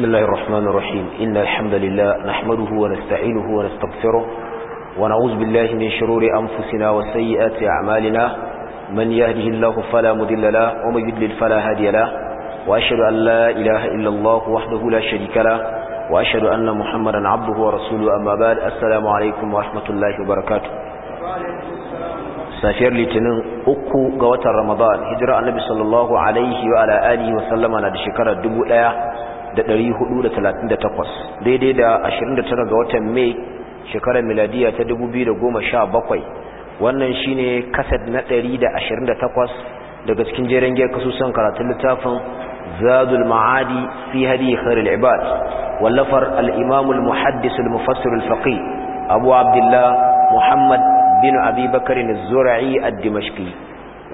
بسم الله الرحمن الرحيم إن الحمد لله نحمده ونستعينه ونستغفره ونعوذ بالله من شرور أنفسنا وسيئات أعمالنا من يهده الله فلا مذل له ومن يدلل فلا هادي له وأشهد أن لا إله إلا الله وحده لا شريك له وأشهد أن محمدا عبده ورسوله أما بعد السلام عليكم ورحمة الله وبركاته سافر لتنين أكو قوة watan ramadan النبي صلى الله عليه وعلى آله وسلم wa sallama na da 438 daidai da 29 ga watan mai shekarar miladiya ta 2017 wannan shine kasad na 128 daga cikin jeren giyar kasusan karatun littafin zadul ma'adi fi hadi khairul ibad wallafar al-imam al-muhaddis al-mufassir abu abdullah muhammad bin abi bakr zurai ad-dimashqi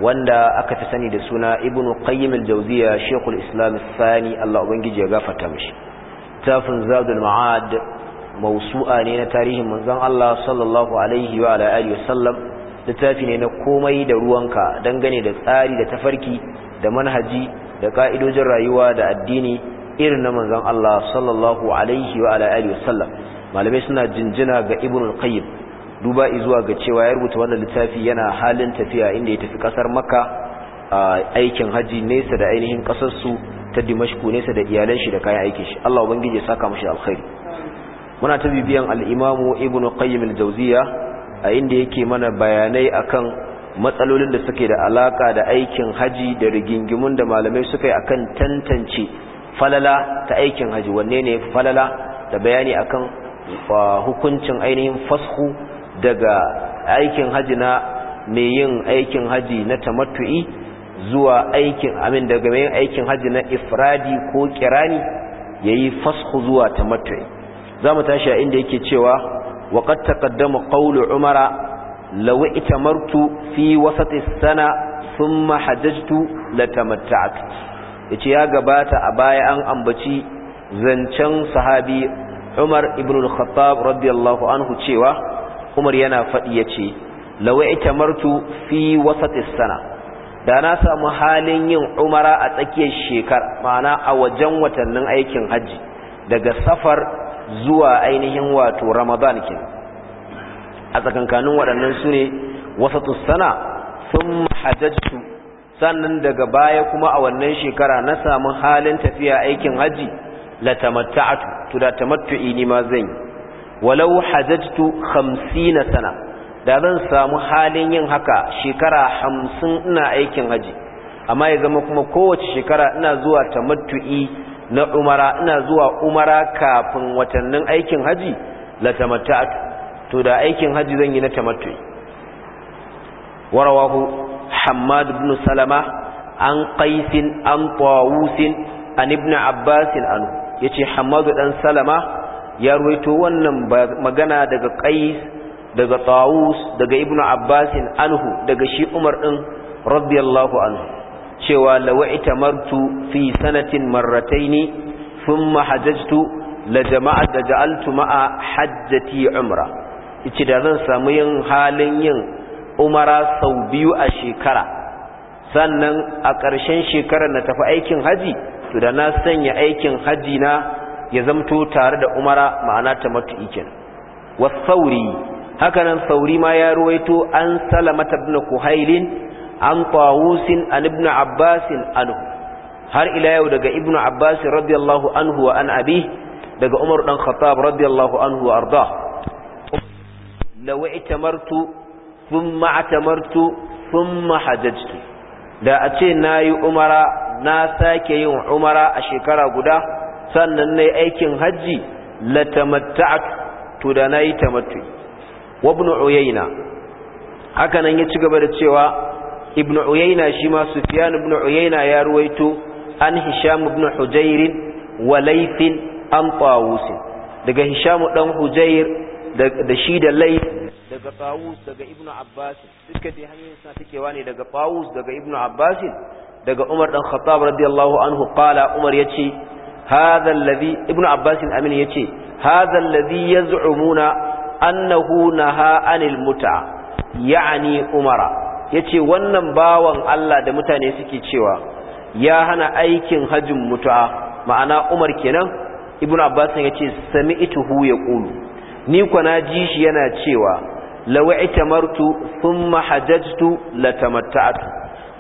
wanda aka fi sani da suna ibnu qayyim al-jawziya shaykhul islam sani Allah ubangiji ya gafarta mishi tafin zadul ma'ad mawsu'a ne na tarihin manzon Allah sallallahu alaihi wa ala alihi wasallam littafi ne na komai da ruwanka dangane da tsari da tafarki da manhaji da ka'idojin rayuwa da addini irin na manzon Allah sallallahu alaihi wa ala alihi wasallam malamai suna jinjina ga ibnu qayyim duba zuwa ga cewa ya rubuta wannan littafi yana halin tafiya inda ya tafi kasar maka a aikin haji nesa da ainihin kasarsu ta dimashku nesa da iyalan shi da kayan aikin shi Allah ubangiji ya saka mushi alkhairi muna ta bibiyan al-imamu ibnu qayyim al-jawziya a inda yake mana bayanai akan matsalolin da suke da alaka da aikin haji da rigingimun da malamai suka yi akan tantance falala ta aikin haji wanne ne falala da bayani akan hukuncin ainihin fashu daga aikin haji na mai yin aikin haji na tamattu'i zuwa aikin amin daga mai yin aikin haji na ifradi ko kirani yayi fashu zuwa tamattu'i zamu tashi a inda yake cewa wa qad taqaddama qawlu umara law itamartu fi wasati sana thumma hajjtu latamatta'tu yace ya gabata a baya an ambaci zancen sahabi Umar ibn al-Khattab radiyallahu anhu cewa umar yana faɗi ya ce lawai ita martu fi wasa sana da na samu halin yin umara a tsakiyar shekara ma'ana a wajen watannin aikin hajji daga safar zuwa ainihin wato ramadan ke a tsakankanin waɗannan su ne wasa sana sun hajjajtu sannan daga baya kuma a wannan shekara na samu halin tafiya aikin hajji la tamatta'atu to da tamattu'i ni ma zan yi walau hajjatu hamsina sana da zan samu halin yin haka shekara hamsin ina aikin haji amma ya zama kuma kowace shekara ina zuwa tamattu'i na umara ina zuwa umara kafin watannin aikin haji la tamattu'u to da aikin haji zan yi na tamattu'i warawahu hammad ibn salama an qaisin an tawusin an ibn abbas an yace hammad dan salama ya ruwaito wannan magana daga qais daga tawus daga ibnu abbasin anhu daga shi umar din radiyallahu anhu cewa lawaita martu fi sanatin marrataini thumma hajjatu la jama'a da ja'altu ma'a hajjati umra ice da zan samu yin halin yin umara sau biyu a shekara sannan a ƙarshen shekarar na tafi aikin haji to da na sanya aikin haji na ya zamto tare da umara ma'ana tamattu'i kenan wasauri hakanan sauri ma ya ruwaito an salamata ibn kuhailin an tawusin an ibn abbasin anhu har ila yau daga ibn abbas radiyallahu anhu wa an abi daga umar dan khattab radiyallahu anhu wa arda lawa itamartu thumma atamartu thumma hajajtu da a ce nayi umara na sake yin umara a shekara guda sannan nayi aikin haji latamatta'tu to da nayi tamattu wa ibn uyayna haka nan ya ci gaba da cewa ibn uyayna shi ma sufyan ibn uyayna ya ruwaito an hisham ibn hujair wa layth an tawus daga hisham dan hujair da shi da layth daga tawus daga Ibn abbas duka dai hanyoyin suna ne daga tawus daga ibnu abbas daga umar dan khattab radiyallahu anhu qala umar yace هذا الذي ibnu abbas الامين yace هذا الذي yaz'umuna انه naha عن المتع يعني عمر yace wannan bawan Allah da mutane suke cewa ya hana aikin hajjin mutu'a ma'ana umar kenan ibnu abbas yace sami'tuhu yaqulu ni na ji shi yana cewa law martu thumma hajajtu latamatta'tu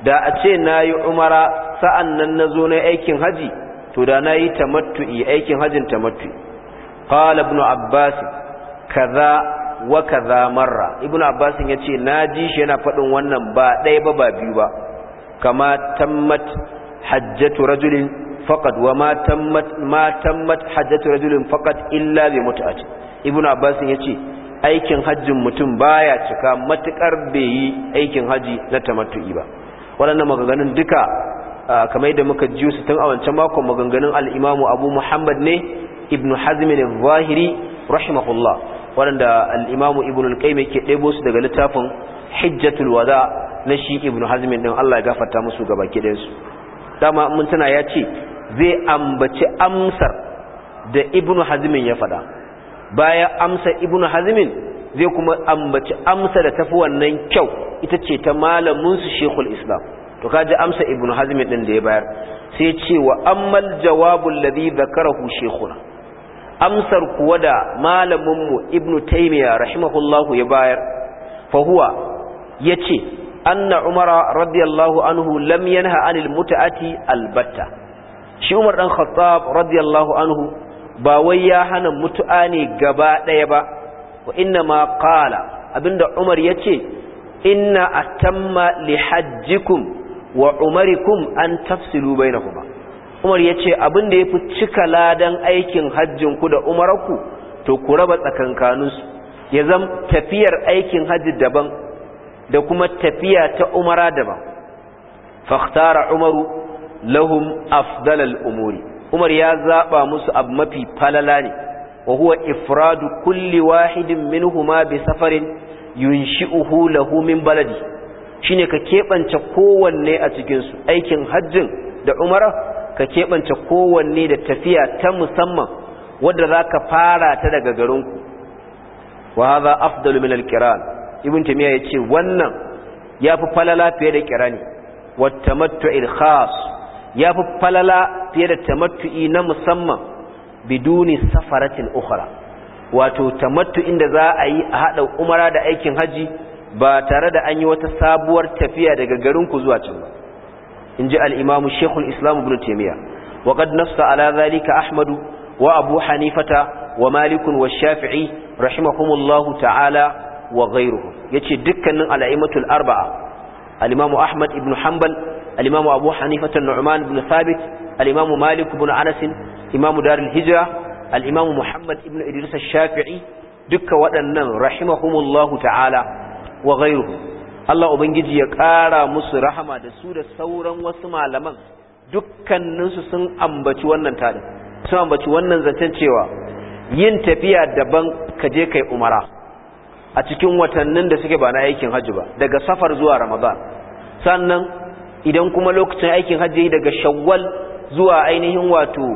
da a ce nayi umara sa'annan nazo na aikin haji to da na yi tamattu'i aikin hajjin tamattu'i qala ibn abbas kaza wa kaza marra ibn abbas na ji shi yana fadin wannan ba ɗaya ba ba biyu ba kama tammat hajjatu rajulin faqad wa ma tammat ma tammat hajjatu rajulin faqad illa bi mut'ati ibn abbas ce aikin hajjin mutum baya cika matukar bai yi aikin haji na tamattu'i ba waɗannan maganganun duka kamar da muka ji su tun a wancan makon maganganun al'imamu Abu Muhammad ne Ibn Hazm al-Zahiri rahimahullah waɗanda al-Imam Ibn al-Qayyim ke ɗebo su daga littafin Hijjatul Wada na shi Ibn Hazm din Allah ya gafarta musu gaba kidan su dama mun tana ya ce zai ambaci amsar da Ibn Hazm ya faɗa baya amsa Ibn Hazm zai kuma ambaci amsa da tafi wannan kyau ita ce ta malamin su Sheikhul Islam to kaji amsa ibnu hazmi din da ya bayar sai ce wa ammal jawabul ladhi dhakarahu shaykhuna amsar kuwa da malamin mu ibnu taymiya rahimahullahu ya bayar fa huwa yace anna umara radiyallahu anhu lam yanha anil mutaati albatta shi umar dan khattab radiyallahu anhu ba wai ya hana mutu'a ne gaba daya ba wa inna ma qala abinda umar yace inna atamma li hajjikum wa umarikum an tafsilu bainahuma umar ya ce abin da yafi cika ladan aikin hajjin ku da umaraku to ku raba tsakankanin ya zam tafiyar aikin hajji daban da kuma tafiya ta umara daban fakhtara umaru lahum afdalal umuri umar ya zaba musu abu mafi falala ne wa huwa ifradu kulli wahidin minhuma bi safarin yunshi'uhu lahu min baladi shine ka keɓance kowanne a cikinsu aikin hajjin da umara ka keɓance kowanne da tafiya ta musamman wadda za ka fara ta daga garinku wa haza afdalu min Kiran? ibn tamiya ya wannan ya fi falala fiye da kirani wa tamattu'il khas ya falala fiye da tamattu'i na musamman biduni safaratin ukhra wato tamattu da za a yi a haɗa umara da aikin hajji ba tare da an yi wata sabuwar tafiya daga garin ku zuwa can ba in ji al'imamu shekul islam ibn taimiyya wa nafsa ala zalika ahmadu wa abu hanifata wa malikun wa shafi'i rahimahumullahu ta'ala wa ghairuhum yace dukkanin al'imatul arba'a al'imamu ahmad ibn hanbal al abu hanifata nu'man ibn sabit al'imamu malik ibn anasin imamu darul hijra al-imamu muhammad ibn idris ash-shafi'i dukkan waɗannan rahimahumullahu ta'ala wa ghayruhu Allah ubangiji ya ƙara musu rahama da su da sauran wasu malaman dukkaninsu sun ambaci wannan tadin sun ambaci wannan zancen cewa yin tafiya daban ka je kai umara a cikin watannin da suke ba na aikin hajji ba daga safar zuwa ramadan sannan idan kuma lokacin aikin hajji daga shawwal zuwa ainihin wato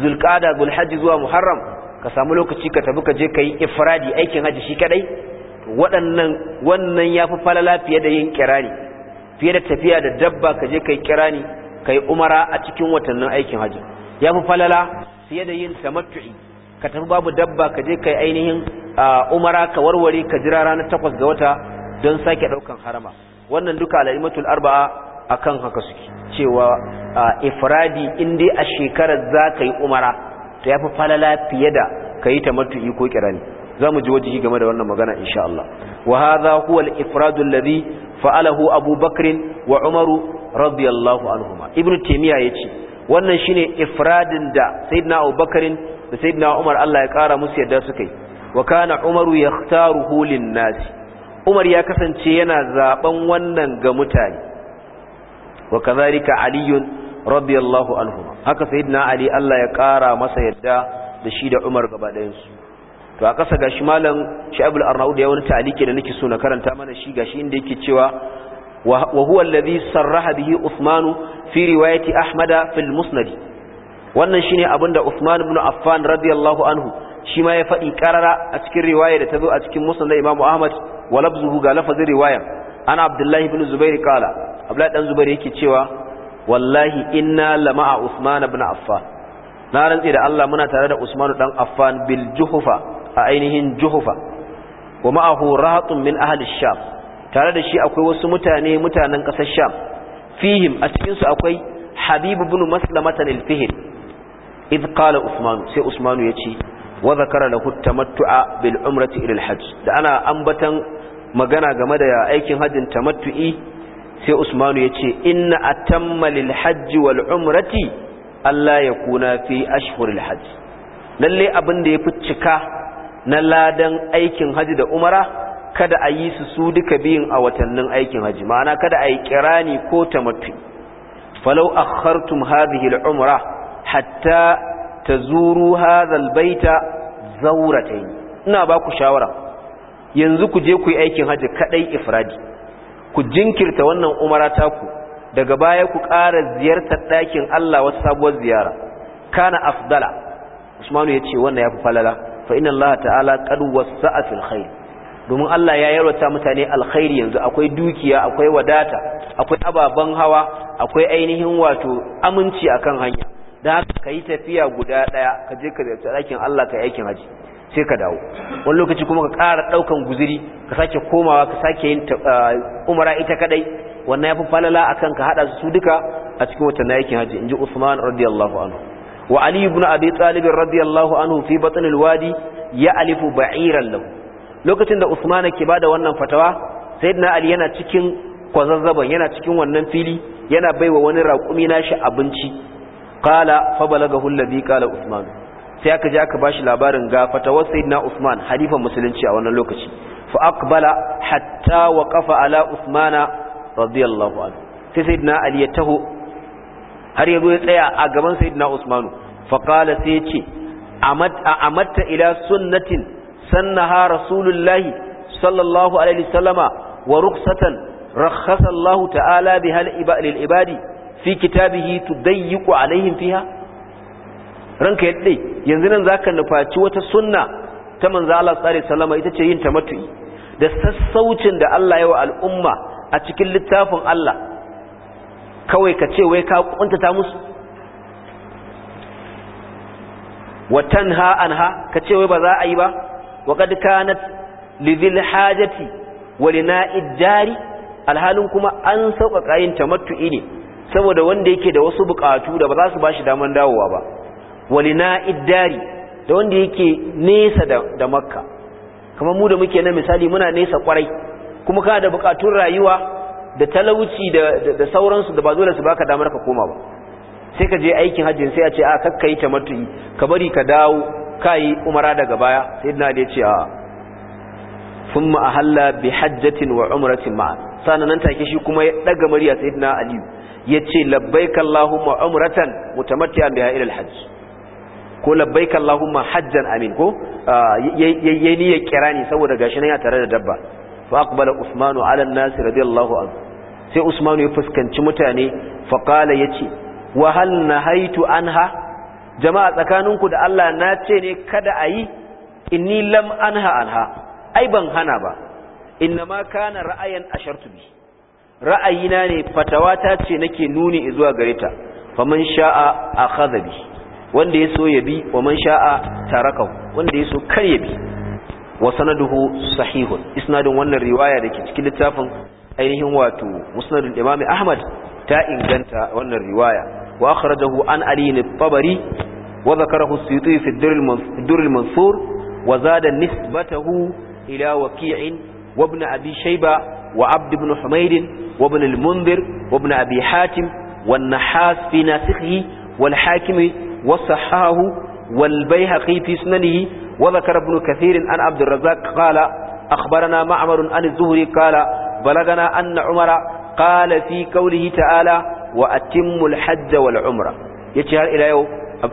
zulqada zulhajji zuwa muharram ka samu lokaci ka tafi ka je kai ifradi aikin hajji shi kadai waɗannan wannan ya fi falala fiye da yin kirani fiye da tafiya da dabba ka je kai kirani kai umara a cikin watannin aikin hajji ya fi falala fiye da yin tamattu'i ka tafi babu dabba ka je kai ainihin umara ka warware ka jira ranar takwas ga wata don sake ɗaukan harama wannan duka al'imatul arba'a akan haka suke cewa ifradi in dai a shekarar za ka yi umara to ya fi falala fiye da ka yi tamattu'i ko kirani zamu ji wajihi game da wannan magana insha Allah wa hadha huwa al-ifrad alladhi fa'alahu Abu Bakr wa Umar radiyallahu anhuma Ibn Taymiyyah yace wannan shine ifradin da Sayyidina Abu Bakr da Sayyidina Umar Allah ya kara musu yadda suka yi wa kana Umar yakhtaruhu lin-nas Umar ya kasance yana zaben wannan ga mutane wa kadhalika Ali radiyallahu anhuma haka Sayyidina Ali Allah ya kara masa yadda da shi da Umar gaba ɗayansu to a ƙasa gashi malam sha'ibul arnaud da ya wani ta'aliki da nake so na karanta mana shi gashi inda yake cewa wa huwa alladhi sarraha bihi Uthman fi riwayati Ahmad fi al-Musnad wannan shine abinda Uthman ibn Affan radiyallahu anhu shi ma ya faɗi karara a cikin riwaya da ta zo a cikin Musnad Imam Ahmad wa labzuhu ga lafazin riwaya ana Abdullahi ibn Zubair kala Abdullah dan Zubair yake cewa wallahi inna lama'a Uthman ibn Affan na rantse da Allah muna tare da Usman dan Affan bil juhufa a ainihin juhufa wa ma'ahu rahatun min ahli sham tare da shi akwai wasu mutane mutanen ƙasar sham fihim a cikinsu akwai habibu bin maslamatan al-fihil idh qala usman sai usman ya ce wa zakara lahu tamattu'a bil umrati ila hajj da ana ambatan magana game da aikin hajjin tamattu'i sai Usmanu ya ce inna atamma lil hajj wal umrati kuna yakuna fi ashhuril hajj lalle abin da fi cika na ladan aikin haji da umara kada a yi su su duka biyun a watannin aikin haji ma'ana kada a yi kirani ko ta mafi falau a hadhihi hazihil umara hatta tazuru hadha zaura baita yi ina ba ku shawara yanzu ku je ku yi aikin haji kaɗai ifradi ku jinkirta wannan umara ku daga baya ku ƙara ziyartar ɗakin Allah wata sabuwar ziyara kana afdala usmanu ya ce wannan ya fi falala fa inna allaha ta'ala qad wasa'a fil khair domin Allah ya yarwata mutane alkhairi yanzu akwai dukiya akwai wadata akwai ababen hawa akwai ainihin wato aminci akan hanya dan haka kai tafiya guda daya ka je ka ziyarci ɗakin Allah ka aikin haji sai ka dawo wani lokaci kuma ka ƙara ɗaukan guziri ka sake komawa ka sake yin uh, umara ita kadai wannan yafi falala akan ka hada su duka a cikin na aikin haji inji Usman radiyallahu anhu wa aliyu ibn abi talib radiyallahu anhu fi batn alwadi ya alifu ba'iran lahu lokacin da usman ke da wannan fatawa sayyidina ali yana cikin kwazazzaban yana cikin wannan fili yana bai wa wani raƙumi nashi abinci qala fa balagahu alladhi qala usman sai aka je aka bashi labarin ga fatawar saidna usman halifan musulunci a wannan lokaci fa aqbala hatta wa kafa ala usmana radiyallahu anhu sai sayyidina ali ya taho har yazo ya tsaya a gaban sayyidina usmanu fa sai ya ce amatta ila sunnatin sannaha rasulullahi sallallahu alaihi wasallama wa ruksatan rakhasa Allah ta'ala biha lil ibadi fi kitabihi tudayyiqu alaihim fiha ranka dai yanzu nan zaka nufaci wata sunna ta manzo Allah sallallahu alaihi wasallama ita ce yin tamattu'i da sassaucin da Allah ya wa al'umma a cikin littafin Allah kawai ka ce wai ka kuntata musu watan ha an ha ka ce wai ba za a yi ba wa kad kanat lidhil hajati wa na'id jari alhalin kuma an sauƙaƙa yin tamattu'i ne saboda wanda yake da wasu bukatu da ba za su bashi daman dawowa ba wa na'id dari da wanda yake nesa da makka kamar mu da muke na misali muna nesa kwarai kuma ka da buƙatun rayuwa da talauci da sauransu da ba dole su baka damar ka koma ba sai ka je aikin hajji sai a ce a kakkai ta matu'i ka bari ka dawo kai umara daga baya sai dina da ya ce a summa ahalla bi hajjatin wa umratin ma sanan take shi kuma ya daga murya sayyidina aliyu yace labbaika allahumma umratan mutamatti'an biha ila alhajj ko labbaika allahumma hajjan amin ko yayi niyyar kirani saboda gashi nan ya tare da dabba fa aqbala usmanu ala an-nas radiyallahu anhu sai usmanu ya fuskanci mutane faƙala ya ce wahal na haitu an ha jama'a tsakaninku da Allah na ce ne kada a yi inni lam an ha an ha ai ban hana ba inna ma kana ra'ayan ashartu bi ra'ayina ne fatawata ce nake nuni zuwa gare ta faman sha'a a bi wanda ya so ya bi wa man sha'a tarakahu wanda ya so kar ya bi wa sanaduhu sahihun isnadin wannan riwaya da ke cikin littafin ainihin wato musnadin imami ahmad ta inganta wannan riwaya wa akhrajahu an ali ibn tabari wa zakarahu suyuti fi dur al mansur wa nisbatahu ila waqi'in wa ibn wa abd ibn humayd wa ibn al mundhir wa ibn abi hatim wa an nahas fi nasikhihi sahahu wa al wa zakara ibn kathir an abd al razzaq qala akhbarana ma'mar an zuhri qala balagana anna umara qala fi ta'ala wa atimmu al-hajj yace har ila yau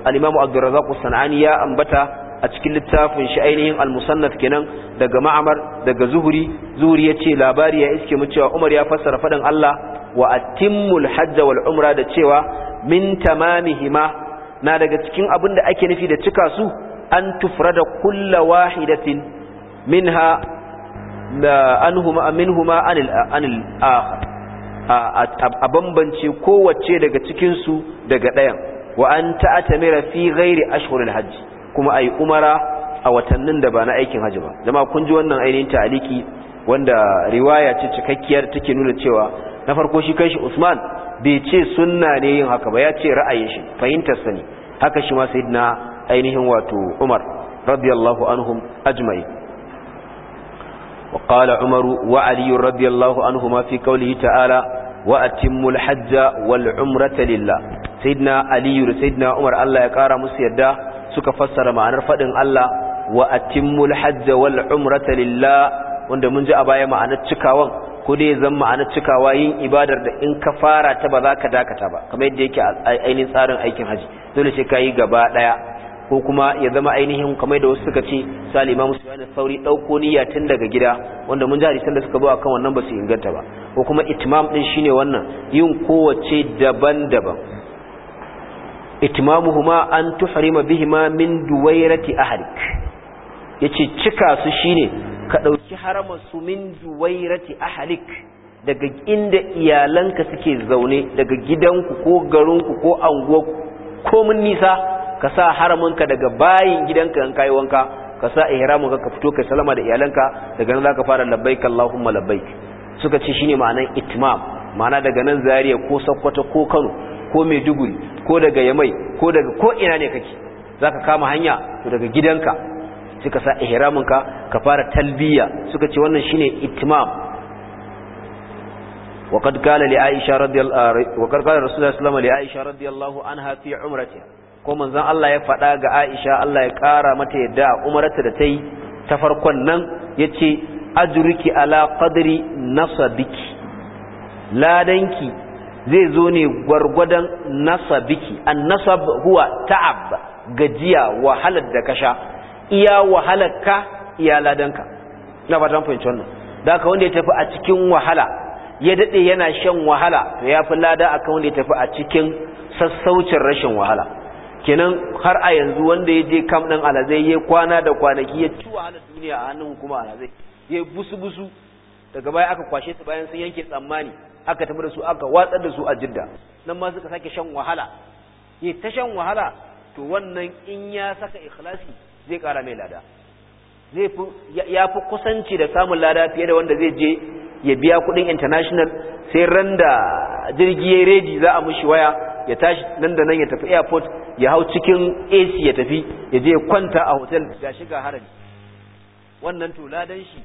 al-imamu abdurrazzaq sanani ya ambata a cikin littafin shi ainihin al-musannaf kenan daga ma'amar daga zuhuri zuhuri yace labari ya iske mu cewa umar ya fassara faɗan Allah wa atimmu al-hajj wal umra da cewa min hima na daga cikin abin da ake nufi da cika su an tufrada kullu wahidatin minha anhuma minhuma anil anil akhar a bambance kowace daga cikin su daga ɗayan wa an ta'tamira fi ghairi ashhuril hajj kuma ai umara a watannin da ba na aikin haji ba jama'a kun ji wannan ainihin ta'aliki wanda riwaya ce cikakkiyar take nuna cewa na farko shi shi Usman bai ce sunna ne yin haka ba ya ce ra'ayin shi fahimtar sa ne haka shi ma sayyidina ainihin wato Umar radiyallahu anhum ajma'in وقال عمر وعلي رضي الله عنهما في قوله تعالى وأتم الحج والعمرة لله سيدنا علي سيدنا عمر الله يقارى مسيدا suka fassara ma'anar faɗin Allah wa atimmul hajj wal umrata lillah wanda mun ji a baya ma'anar cikawan ko dai zan ma'anar cikawa yin ibadar da in ka fara ta ba za ka dakata ba kamar yadda yake a ainihin tsarin aikin haji dole sai ka yi gaba ɗaya ko kuma ya zama ainihin kamar da wasu suka ce su al'imamu su yana sauri ɗauko niyya tun daga gida wanda mun jari da suka bawa kan wannan ba su inganta ba ko kuma itimam ɗin shine wannan yin kowace daban-daban Itimamu huma an tuhrima ma min duwairati ahlik yace cika su shine ka ɗauki haramar su min duwairati ahlik daga inda iyalanka suke zaune daga gidanku ko garinku ko ko komin nisa ka sa haramunka daga bayin gidanka in kai wanka ka sa ihramunka ka fito kai salama da iyalanka daga nan zaka fara labbaik allahumma labbaik suka ce shine ma'anan itmam ma'ana daga nan zariya ko sakkwato ko kano ko maiduguri ko daga yamai ko daga ko ina ne kake zaka kama hanya to daga gidanka suka sa ihramunka ka ka fara talbiya suka ce wannan shine itmam وقد قال لعائشة رضي الله وقد قال رسول الله صلى الله عليه وسلم لعائشة رضي الله عنها في عمرتها ko manzon Allah ya faɗa ga Aisha Allah ya ƙara mata yadda a umarta da ta yi ta farkon nan ya ce ajuriki ala qadri nasabiki ladanki zai zo ne gwargwadon nasabiki an nasab huwa ta'ab gajiya wahalar da ka sha iya wahalar ka iya ladanka na fatan fahimci wannan da ka wanda ya tafi a cikin wahala ya daɗe yana shan wahala to ya fi lada akan wanda ya tafi a cikin sassaucin rashin wahala kenan har a yanzu wanda ya je kam ɗin alazai ya kwana da kwanaki ya ci wahalar duniya a hannun kuma alazai ya busu busu daga baya aka kwashe su bayan sun yanke tsammani aka tafi da su aka watsar da su a jidda nan ma suka sake shan wahala ya ta shan wahala to wannan in ya saka ikhlasi zai kara mai lada zai fi ya fi kusanci da samun lada fiye da wanda zai je ya biya kuɗin international sai randa jirgi ya redi za a mushi waya ya tashi nan da nan ya tafi airport ya hau cikin AC ya tafi ya je kwanta a hotel ya shiga harami wannan to ladan shi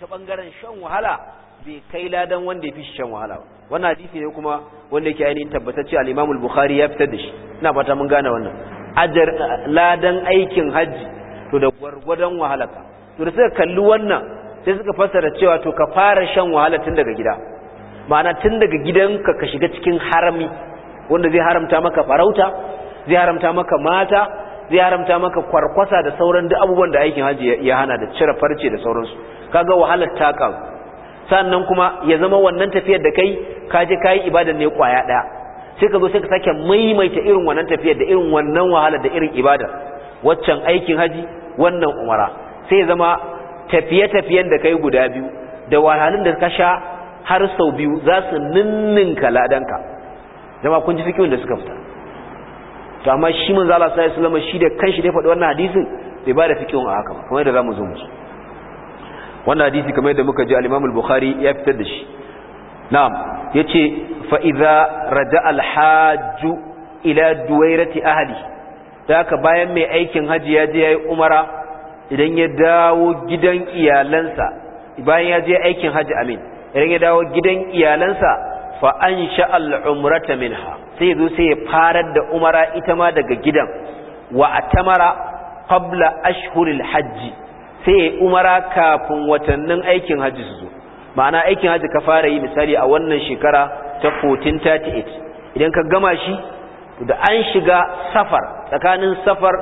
ta bangaren shan wahala bai kai ladan wanda ya fi shan wahala ba wannan hadisi ne kuma wanda yake ainihin tabbatacce al-Imam al-Bukhari ya fitar da shi ina fata mun gane wannan ajar ladan aikin haji to da gwargwadon ka. to da suka kalli wannan sai suka fassara cewa to ka fara shan wahala tun daga gida ma'ana tun daga gidanka ka shiga cikin harami wanda zai haramta maka farauta zai haramta maka mata zai haramta maka kwarkwasa da sauran duk abubuwan da aikin haji ya hana da cire farce da sauransu kaga wahalar taka. sannan kuma ya zama wannan tafiyar da kai ka je kayi ibadar ne kwaya daya sai ka zo sai ka sake maimaita irin wannan tafiyar da irin wannan wahalar da irin ibada waccan aikin haji wannan umara sai ya zama tafiye-tafiyen da kai guda biyu da wahalun da ka sha har sau biyu za su ninninka ladanka jama'a kun ji fikihun da suka fita to amma shi mun zala sai sulama shi da kanshi da faɗi wannan hadisin bai ba da fikihun a haka kuma da zamu zo mu wannan hadisi kamar yadda muka ji al-Imam al-Bukhari ya fitar da shi na'am yace fa idza raja al-hajj ila duwairati ahli haka bayan mai aikin haji ya je yayi umara idan ya dawo gidan iyalansa bayan ya je aikin haji amin idan ya dawo gidan iyalansa fa sha al-umrata minha sai zo sai ya farar da umara ita ma daga gidan wa atamara qabla ashhuril hajji sai umara kafin watannin aikin hajji su zo ma'ana aikin hajji ka fara yi misali a wannan shekara ta 1438 idan ka gama shi da an shiga safar tsakanin safar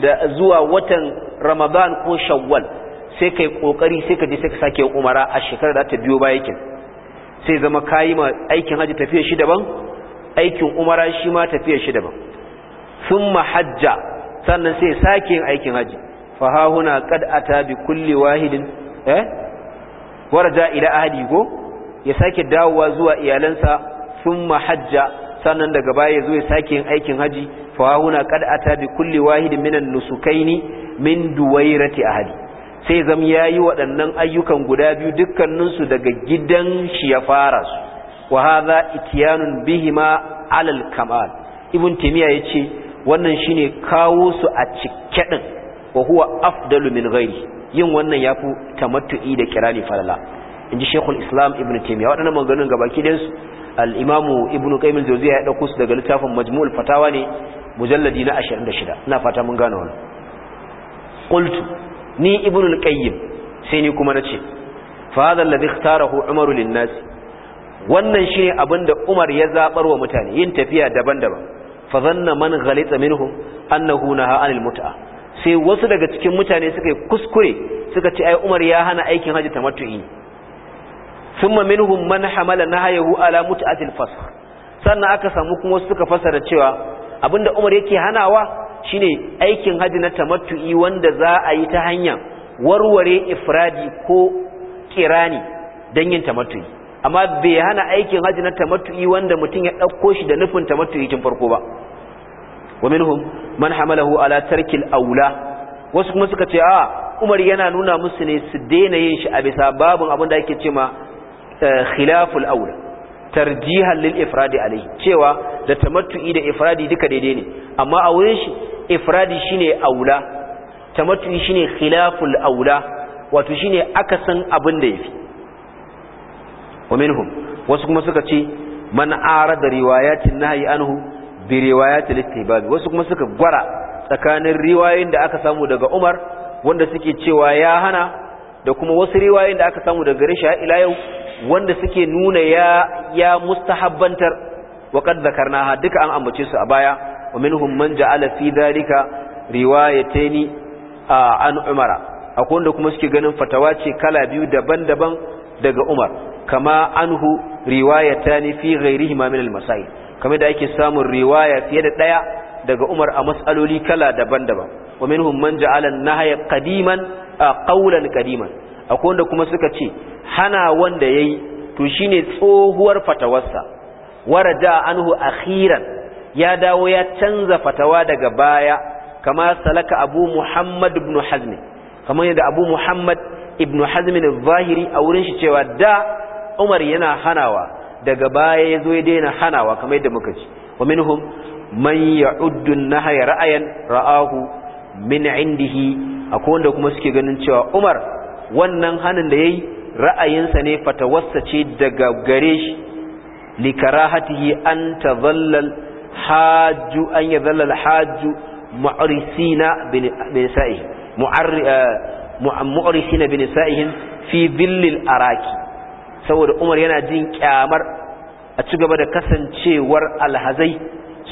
da zuwa watan ramadan ko shawwal sai kai kokari sai ka je sai ka sake yin umara a shekarar da ta biyo baya kin sai zama kayi ma aikin haji tafiya shi daban aikin umara shi ma tafiya shi daban thumma hajja sannan sai sake yin aikin haji fa ha huna qad ata bi kulli wahidin eh warja ila ahli go ya sake dawowa zuwa iyalansa thumma hajja sannan daga baya ya zo ya sake yin aikin haji fa ha huna qad ata bi kulli wahidin minan nusukaini min duwairati ahli sai zam ya yi waɗannan ayyukan guda biyu dukkaninsu daga gidan shi ya fara su wa haza itiyanun bihima alal kamal ibn timiya ya ce wannan shine kawo su a cike din wa huwa afdalu min ghairi yin wannan ya fi tamattu'i da kirani falala ji shekul islam ibn timiya waɗannan maganganun gaba ɗayan su ibn qayyim al ya dauko su daga littafin majmu'ul fatawa ne mujalladi na 26 ina fata mun gane wannan qultu ni ibnul qayyim sai ni kuma nace fa hadha alladhi ikhtarahu umaru lin-nas wannan shine abinda umar ya zabar wa mutane yin tafiya daban-daban fa zanna man ghalita minhum annahu naha 'anil mut'a sai wasu daga cikin mutane suka kuskure suka ce ai umar ya hana aikin haji tamattu'i thumma minhum man hamala nahayahu ala mut'atil fasl sannan aka samu kuma wasu suka fasara cewa abinda umar yake hanawa shine aikin haji na tamattu'i wanda za a yi ta hanya warware ifradi ko kirani don yin tamattu'i amma bai hana aikin hajji na tamattu'i wanda mutum ya ɗauko shi da nufin tamattu'i tun farko ba wa minhum man hamalahu ala tarkil aula wasu kuma suka ce a umar yana nuna musu ne su daina yin shi a bisa babun abin da ake ce ma eh, khilaful aula tarjihan lil ifradi alai cewa da tamattu'i da ifradi duka daidai ne amma a wurin shi ifradi shine aula tamattu'i shine khilaful aula wato shine san abin da yafi wa minhum wasu kuma suka ce man arada riwayatin nahyi anhu bi al istihbab wasu kuma suka gwara tsakanin riwayoyin da aka samu daga Umar wanda suke cewa ya hana da kuma wasu riwayoyin da aka samu daga Risha ila yau wanda suke nuna ya ya mustahabbantar wa qad ha duka an ambace su a baya wa minhum man ja'ala fi dhalika a an umara akwai da kuma suke ganin fatawa ce kala biyu daban-daban daga umar kama anhu riwayatani fi ghairihima min al-masail kamar da ake samun riwaya fiye da daya daga umar a mas'aloli kala daban-daban wa minhum man ja'ala an-nahya qadiman qawlan akwai da kuma suka ce hana wanda yayi to shine tsohuwar fatawarsa waraja anhu akhiran ya dawo ya canza fatawa daga baya kama salaka abu muhammad ibn hazmi kamar yadda abu muhammad ibn hazmi na zahiri a wurin shi cewa da umar yana hanawa daga baya ya zo ya daina hanawa kamar yadda muka ci wa minhum man ya'uddu nahya ra'ayan ra'ahu min indihi akwai wanda kuma suke ganin cewa umar wannan hanin da yayi ra'ayinsa ne fatawarsa ce daga gare shi likarahatihi an tadhallal Haju an ya zalla hajju mu'risina bin bin fi billil araki saboda Umar yana jin kyamar a ci gaba da kasancewar alhazai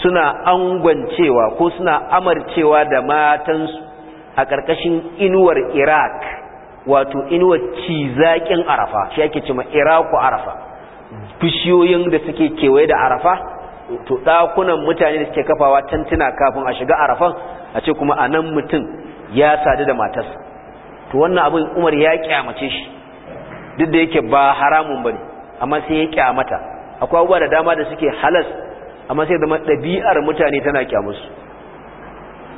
suna angwancewa ko suna amarcewa da matansu a ƙarƙashin inuwar Iraq wato inuwar cizaƙin Arafa shi ake cewa Iraku Arafa bishiyoyin da suke kewaye da Arafa to dakunan mutane da suke kafawa tantuna kafin a shiga arafan a ce kuma a nan mutum ya sadu da matarsa to wannan abin umar ya kyamace shi duk da yake ba haramun bane amma sai ya kyamata akwai abubuwa da dama da suke halas amma sai da ɗabi'ar mutane tana kyamusu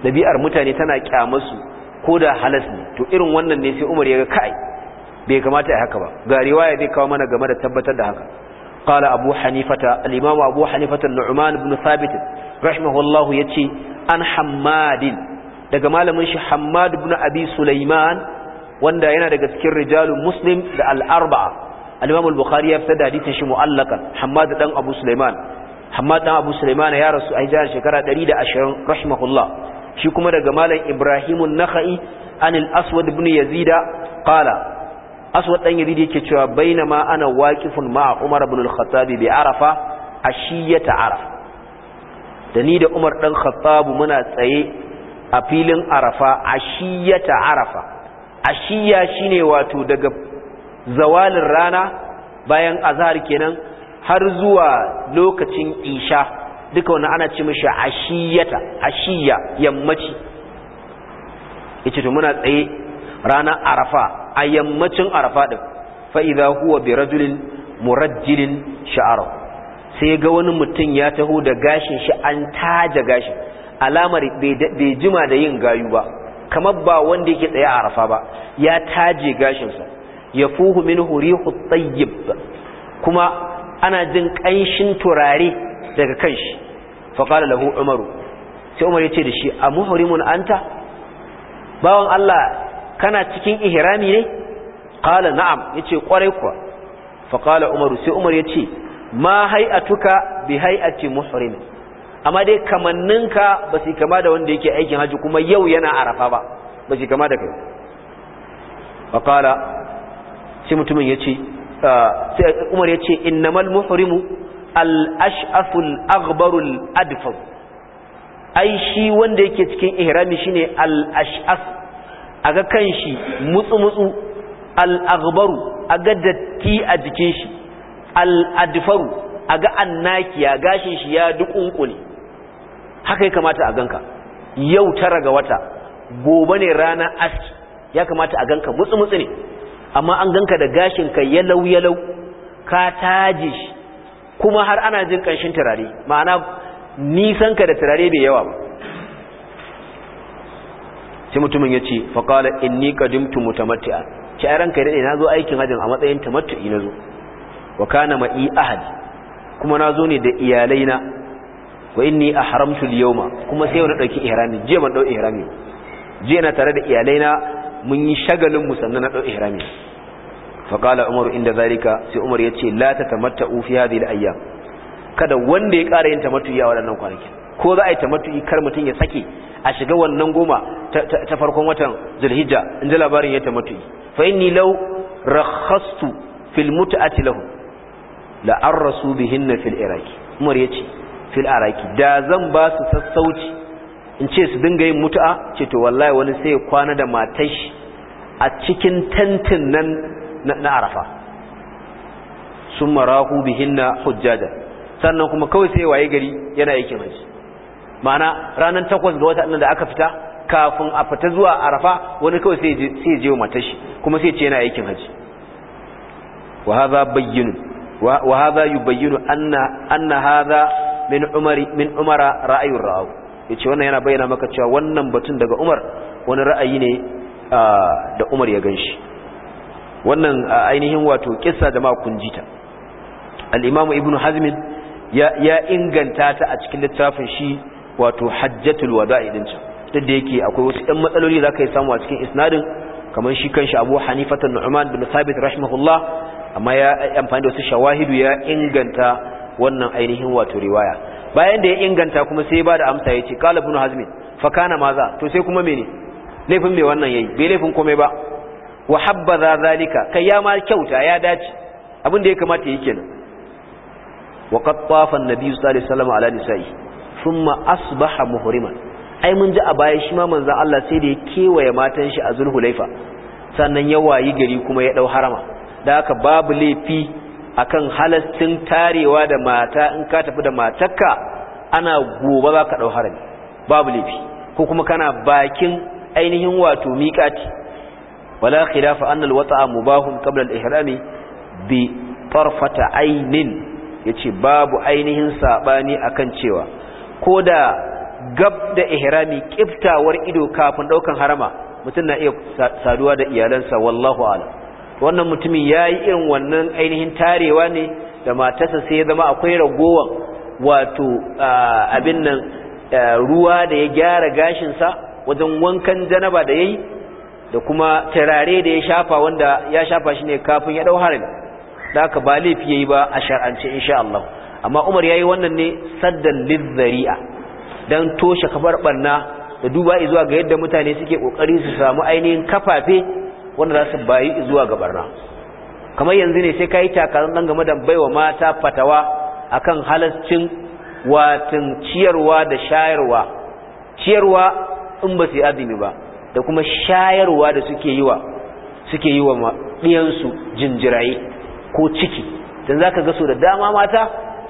ɗabi'ar mutane tana kyamusu ko da halas ne to irin wannan ne sai umar ya ga kai bai kamata ya haka ba ga riwaya zai kawo mana game da tabbatar da haka قال أبو حنيفة الإمام أبو حنيفة النعمان بن ثابت رحمه الله يتي daga malamin shi Hammad ibn Abi Sulaiman wanda yana daga cikin rijalul Muslim da al-arba'a al-Imam al-Bukhari ya fitar da hadisin shi mu'allakan Hammad dan Abu Sulaiman Hammad dan Abu Sulaiman ya rasu a hijirar shekara 120 rahimahullah shi kuma daga malam ibrahimu an nakhai an aswad ibn Yazid qala aswad dan yazid yake cewa bainama ana waqifun ma umar ibn al-khattab bi arafa ashiyata arafa da ni da umar dan khattab muna tsaye a filin arafa ashiyata arafa ashiya shine wato daga zawalin rana bayan azhar kenan har zuwa lokacin isha duka wannan ana ce mishi ashiyata ashiya yammaci yace to muna tsaye ranar arafa a yammacin arafa ɗin fa'iza huwa bi rajulin murajjilin sha'ar sai ga wani mutum ya taho da gashin shi an taja gashin alamar bai jima da yin gayu ba kamar ba wanda yake tsaye a arafa ba ya taje gashinsa ya fuhu min hurihu hutsayyib kuma ana jin ƙanshin turare daga kanshi faƙala lahu umaru sai umar ya ce da shi a muhurimun anta bawan Allah kana cikin ihrami ne qala na'am yace kwarai kuwa fa qala umar sai umar yace ma hay'atuka bi hay'ati muhrim amma dai kamanninka ba su kama da wanda yake aikin haji kuma yau yana arafa ba ba su kama da kai fa qala sai mutumin yace ah, sai umar yace innamal muhrim al ash'aful aghbarul adfa ai shi wanda yake cikin ihrami shine al ash'af aga ga kan shi mutsu-mutsu al'agbaru a ga datti a jikin shi al'adifaru aga ga annakiya gashin shi ya dukunkule haka ya kamata a ganka yau tara ga wata gobe ne ranar aski ya kamata a ganka mutsu-mutsu ne amma an ganka da gashin ka yalau-yalau ka taji shi kuma har ana jin ƙanshin turare ma'ana nisanka da turare bai yawa ba sai mutumin ya ce faƙala ka kadimtu mutamatti'a ci a ranka dade na zo aikin hajji a matsayin tamattu'i na zo wa kana ma'i ahad kuma na zo ne da iyalai na. wa in a ahramtu al ma. kuma sai wani ɗauki ihrami jiya ban ɗauki ihrami Jiya na tare da iyalai na mun yi shagalin musamman sannan na ɗauki ihrami faƙala umaru inda zalika sai umar ya ce la tatamatta'u fi hadhihi da ayyam kada wanda ya ƙara yin tamattu'i a waɗannan kwanaki ko za a yi tamattu'i kar mutum ya sake a shiga wannan goma ta farkon watan zulhijja in ji labarin ya tamattu fa inni law rakhastu fil mut'ati lahu la arrasu bihinna fil iraki umar yace fil iraki da zan ba su sassauci in ce su dinga yin mutu'a ce to wallahi wani sai ya kwana da matar a cikin tantin nan na arafa sun rahu bihinna hujjaja sannan kuma kawai sai waye gari yana yake haji ma'ana ranar takwas ga wata da aka fita kafin a fita zuwa arafa wani kawai sai je mata shi kuma sai ce yana aikin haji wa hadha bayyin wa hadha anna anna hadha min umari min umara ra'ayur ra'u yace wannan yana bayyana maka cewa wannan batun daga umar wani ra'ayi ne da umar ya ganshi wannan ainihin wato kissa da ma kunjita al-imamu ibnu Hazmin ya inganta ta a cikin littafin shi wato hajjatul wada'i din can duk da yake akwai wasu ɗan matsaloli za ka yi samu a cikin isnadin kamar shi kanshi abu hanifatan nu'man bin sabit rahimahullah amma ya amfani da wasu shawahidu ya inganta wannan ainihin wato riwaya bayan da ya inganta kuma sai ya bada amsa ya ce qala ibn hazm fa kana maza to sai kuma mene laifin me wannan yayi bai laifin komai ba wa habbaza zalika kai ya ma kyauta ya dace abin da ya kamata yake nan wa qad tafa nabi sallallahu alaihi wasallam ala nisa'i thumma asbaha muhriman ai mun ji a baya shi ma manzon Allah sai da ya kewaya matan shi a Zulhulaifa sannan ya wayi gari kuma ya dau harama da haka babu laifi akan halastin tarewa da mata in ka tafi da matarka ana gobe za ka dau harami babu laifi ko kuma kana bakin ainihin wato miƙati wala khilafa annal wata'a mubahun qabla al-ihrami bi tarfata aynin yace babu ainihin sabani akan cewa ko da gab da ihrami kiftawar ido kafin daukan harama mutum na iya saduwa da iyalansa wallahu ala wannan mutumin ya yi irin wannan ainihin tarewa ne da matarsa sai ya zama akwai ragowan wato abin nan ruwa da ya gyara gashinsa wajen wankan janaba da ya yi da kuma tarare da ya shafa wanda ya shafa shi ne kafin ya dau harin da aka ba laifi ya yi ba a shar'ance insha Allah amma umar yayi wannan ne saddan lizzari'a dan toshe kafar barna da duba zuwa ga yadda mutane suke kokari su samu ainihin kafafe wanda za su bayi zuwa ga barna kamar yanzu ne sai kai yi dan game da baiwa mata fatawa akan halascin watin ciyarwa da shayarwa ciyarwa in ba su yi azumi ba da kuma shayarwa da suke yi wa suke yi wa ɗiyansu jinjiraye ko ciki don za ka gaso da dama mata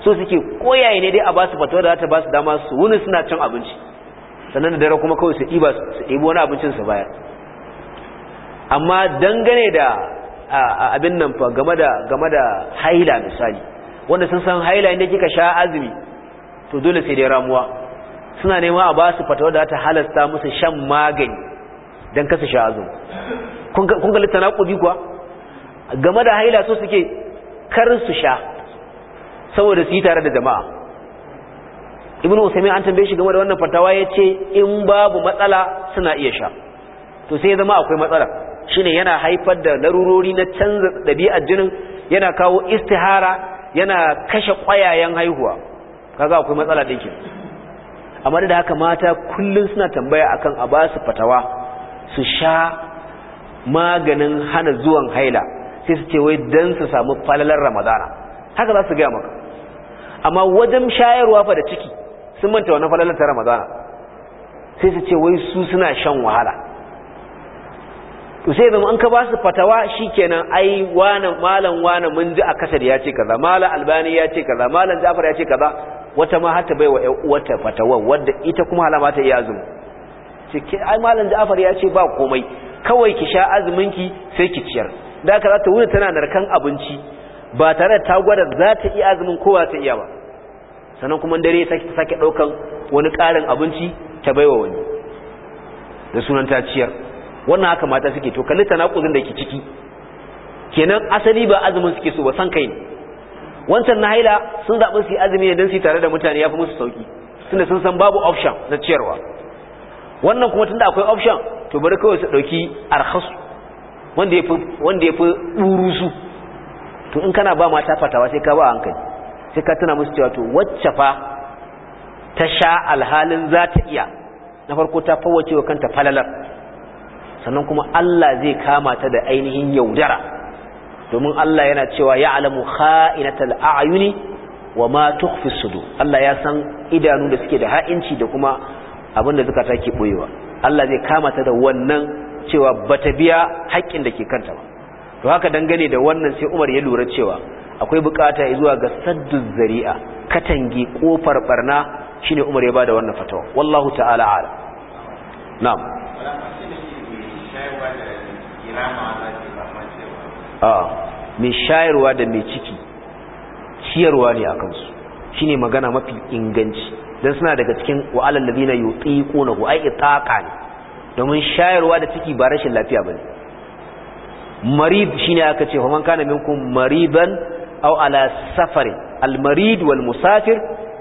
so suke koyaye ne dai a basu fatawa da ta basu dama su wuni suna cin abinci sannan da dare kuma kawai su ɗiba su wani abincin su bayar amma dangane da abin nan fa game da game haila misali wanda sun san haila inda kika sha azumi to dole sai dai ramuwa suna nema a basu fatawa da ta halasta musu shan magani dan kasa sha azumi kun ga littana kuwa game da haila so suke kar su sha saboda su yi tare da jama'a ibn usaimin an tambaye shi game da wannan fatawa ya ce in babu matsala suna iya sha to sai ya zama akwai matsala shine yana haifar da larurori na canza ɗabi'ar jinin yana kawo istihara yana kashe ƙwayayen haihuwa kaga akwai matsala ɗin ke amma da haka mata kullum suna tambaya akan a ba su fatawa su sha maganin hana zuwan haila sai su ce wai dan su samu falalar ramadana haka za su gaya maka amma wajen shayarwa fa da ciki sun manta wannan falalar ta ramadana sai su ce wai su suna shan wahala to sai zama an ka ba su fatawa shikenan ai wani malam wani mun ji a kasar ya ce kaza malam albani ya ce kaza malam jafar ya ce kaza wata ma hata bai wa wata fatawa wadda ita kuma halama ta iya azumi ce ke ai malam jafar ya ce ba komai kawai ki sha azumin ki sai ki ciyar da ka za ta wuni tana narkan abinci ba tare da ta gwada za ta iya azumin kowa ta iya ba sannan kuma dare ta sake ɗaukan wani karin abinci ta baiwa wani da sunan ta ciyar wannan haka mata suke to kalli tanakuzin da ke ciki kenan asali ba azumin suke so ba san kai ne wancan na haila sun zaɓi su azumi ne don su tare da mutane ya fi musu sauki tunda sun san babu option na ciyarwa wannan kuma tunda akwai option to bari kawai su ɗauki arhasu wanda ya fi ɗuru su to in kana ba mata fatawa sai ka ba hankali sai ka tuna musu cewa to wacce fa ta sha alhalin za ta iya na farko ta fawace wa kanta falalar sannan kuma Allah zai kama ta da ainihin yaudara domin Allah yana cewa ya alamu kha'inatal a'yuni wa ma tukhfi sudu Allah ya san idanu da suke da ha'inci da kuma abin da zakata ke boyewa Allah zai kama ta da wannan cewa bata biya haƙƙin da ke kanta ba to haka dangane da wannan sai Umar ya lura cewa akwai bukata zuwa ga saddu zari'a katange kofar barna shine umar ya bada wannan fatawa wallahu ta'ala ala na'am a mai shayarwa da mai ciki ciyarwa ne akan su shine magana mafi inganci dan suna daga cikin wa'alal ladina yutiqunahu ai itaqa ne domin shayarwa da ciki ba rashin lafiya bane marid shine aka ce fa kana minkum mariban aw ala safari almarid wal musafir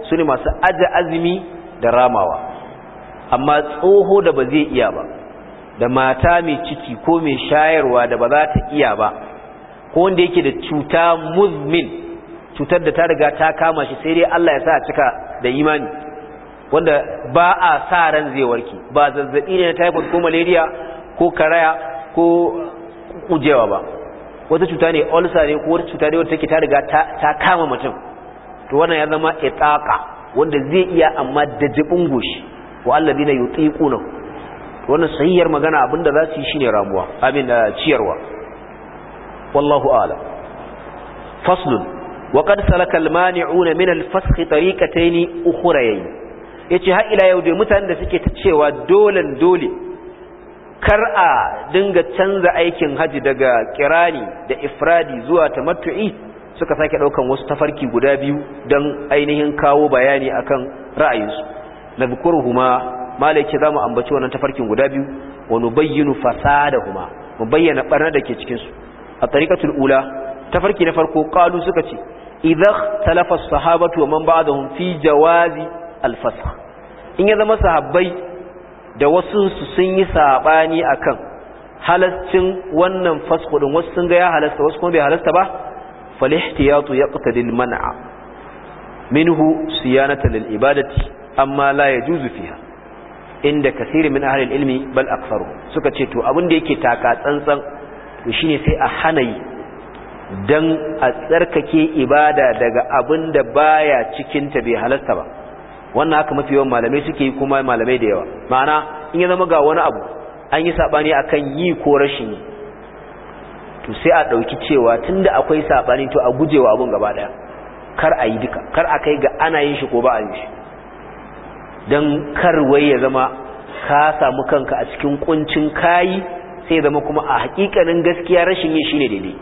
sune masu aja azumi da ramawa amma tsoho da ba zai iya ba da mata mai ciki ko mai shayarwa da ba za ta iya ba ko wanda yake da cuta muzmin cutar da ta riga ta kama shi sai dai Allah ya sa a cika da imani wanda ba a sa ran zai warke ba zazzabi ne na typhoid ko malaria ko karaya ko kujewa ba wata cuta ne ulcer ne ko wata cuta ne wata take ta riga ta kama mutum to wannan ya zama itaqa wanda zai iya amma da jibin goshi wa alladina yutiquna wannan sahihiyar magana abinda za su yi shine ramuwa amin da eh, ciyarwa wallahu a'lam faslun wa qad salaka al-mani'una min al tariqatayn ukhrayn yace har ila yau dai mutanen da suke ta cewa dolan dole kar a dinga canza aikin haji daga kirani da ifradi zuwa tamattu'i suka sake daukan wasu tafarki guda biyu don ainihin kawo bayani akan ra'ayinsu Na huma malaki mu ambaci wannan tafarkin guda biyu wa da huma mu bayyana barna da ke cikinsu. a tariqatul ula tafarki na farko qalu suka ce idza talafa as-sahabatu wa man ba'dahum fi jawazi al in ya zama sahabbai da wasu sun yi sabani akan halascin wannan fasku wasu sun ga ya halasta wasu kuma bai halasta ba fal ihtiyatu yaqtadi al man'a minhu siyanatan lil ibadati amma la yajuzu fiha inda kasiri min ahli ilmi bal aktharu suka ce to abin da yake taka tsantsan to shine sai a hana yi. dan a tsarkake ibada daga abin da baya cikinta bai halasta ba wannan haka mafi yawan malamai suke yi kuma malamai da yawa ma'ana in ya zama ga wani abu an yi sabani kan yi ko rashin yi to sai a ɗauki cewa tunda akwai sabani to a gujewa abun gaba daya kar a yi duka kar a kai ga ana yin shi ko ba a yi shi dan kar wai ya zama ka samu kanka a cikin kuncin kayi sai ya zama kuma a hakikanin gaskiya rashin yin shine daidai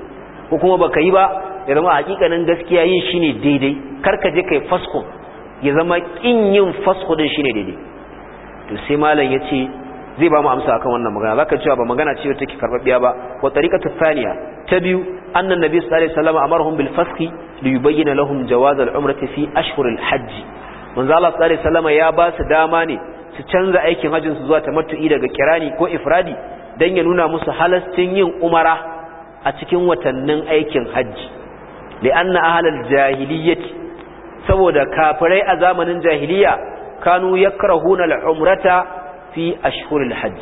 ko kuma baka yi ba ya zama a hakikanin gaskiya yin shine daidai kar ka je kai faskon ya zama kin yin fashu din shine daidai to sai malam ce zai ba mu amsa akan wannan magana ka cewa ba magana ce take karbabbiya ba wa tariqatu thaniya ta biyu annan nabi sallallahu alaihi wasallam amarhum bil fashi li yubayyana lahum jawaz al umrati fi ashhur al hajj manzo Allah sallallahu alaihi wasallam ya ba su dama ne su canza aikin hajjin su zuwa tamattu'i daga kirani ko ifradi dan ya nuna musu halastin yin umara a cikin watannin aikin hajji anna ahlal jahiliyyati saboda kafirai a zamanin jahiliya kanu yakrahuna al-umrata fi ashhuril hajj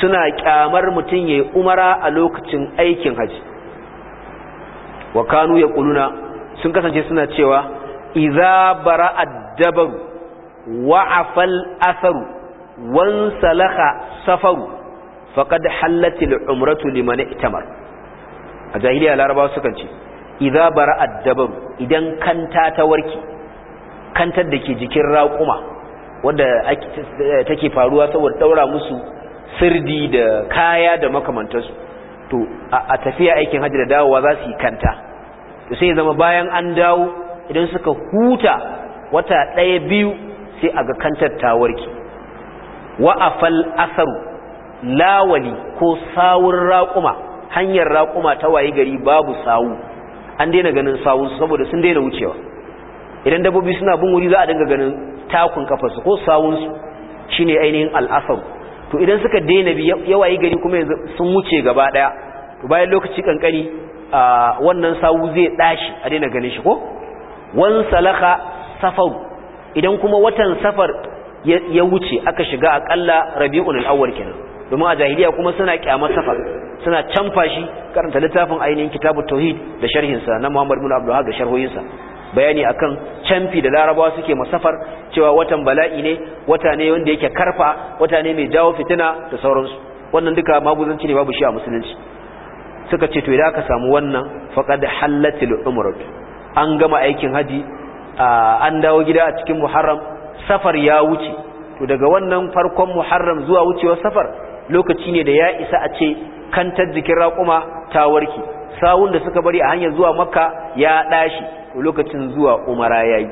suna kyamar mutun yayi umara a lokacin aikin hajji. wa kanu yaquluna sun kasance suna cewa idza bara ad-dabar wa afal asaru? wan salaha safaru faqad halatil umratu liman itamar a jahiliya larabawa sukan ce idza bara ad idan kanta ta warke kantar da ke jikin raƙuma wadda take faruwa saboda daura musu sirdi da kaya da makamantarsu to a tafiya aikin hajji da dawowa za su yi kanta to sai zama bayan an dawo idan suka huta wata ɗaya biyu sai a ga kantar ta warke wa'afal asaru lawali ko sawun raƙuma hanyar raƙuma ta waye gari babu sawu an daina ganin sawunsu saboda sun daina wucewa idan dabbobi suna bin wuri za a dinga ganin takun kafarsu ko sawunsu shine ainihin al'asar to idan suka daina bi yawayi gari kuma sun wuce gaba daya to bayan lokaci kankani wannan sawu zai dashi a daina ganin shi ko wan salaka safar idan kuma watan safar ya wuce aka shiga akalla rabi'ul awwal kenan domin a jahiliya kuma suna kyamar safar suna canfa shi karanta littafin ainihin kitabu tauhid da sharhinsa na Muhammad ibn Abdullahi da sharhoyinsa bayani akan canfi da larabawa suke masafar cewa watan bala'i ne wata ne wanda yake karfa wata ne mai jawo fitina da sauransu wannan duka maguzanci ne babu shi a musulunci suka ce to idan aka samu wannan faqad halatil umrat an gama aikin haji an dawo gida a cikin muharram safar ya wuce to daga wannan farkon muharram zuwa wucewar safar lokaci ne da ya isa a ce kantar jikin raƙuma ta warke sawun da suka bari a hanyar zuwa makka ya ɗashi lokacin zuwa umara yi yi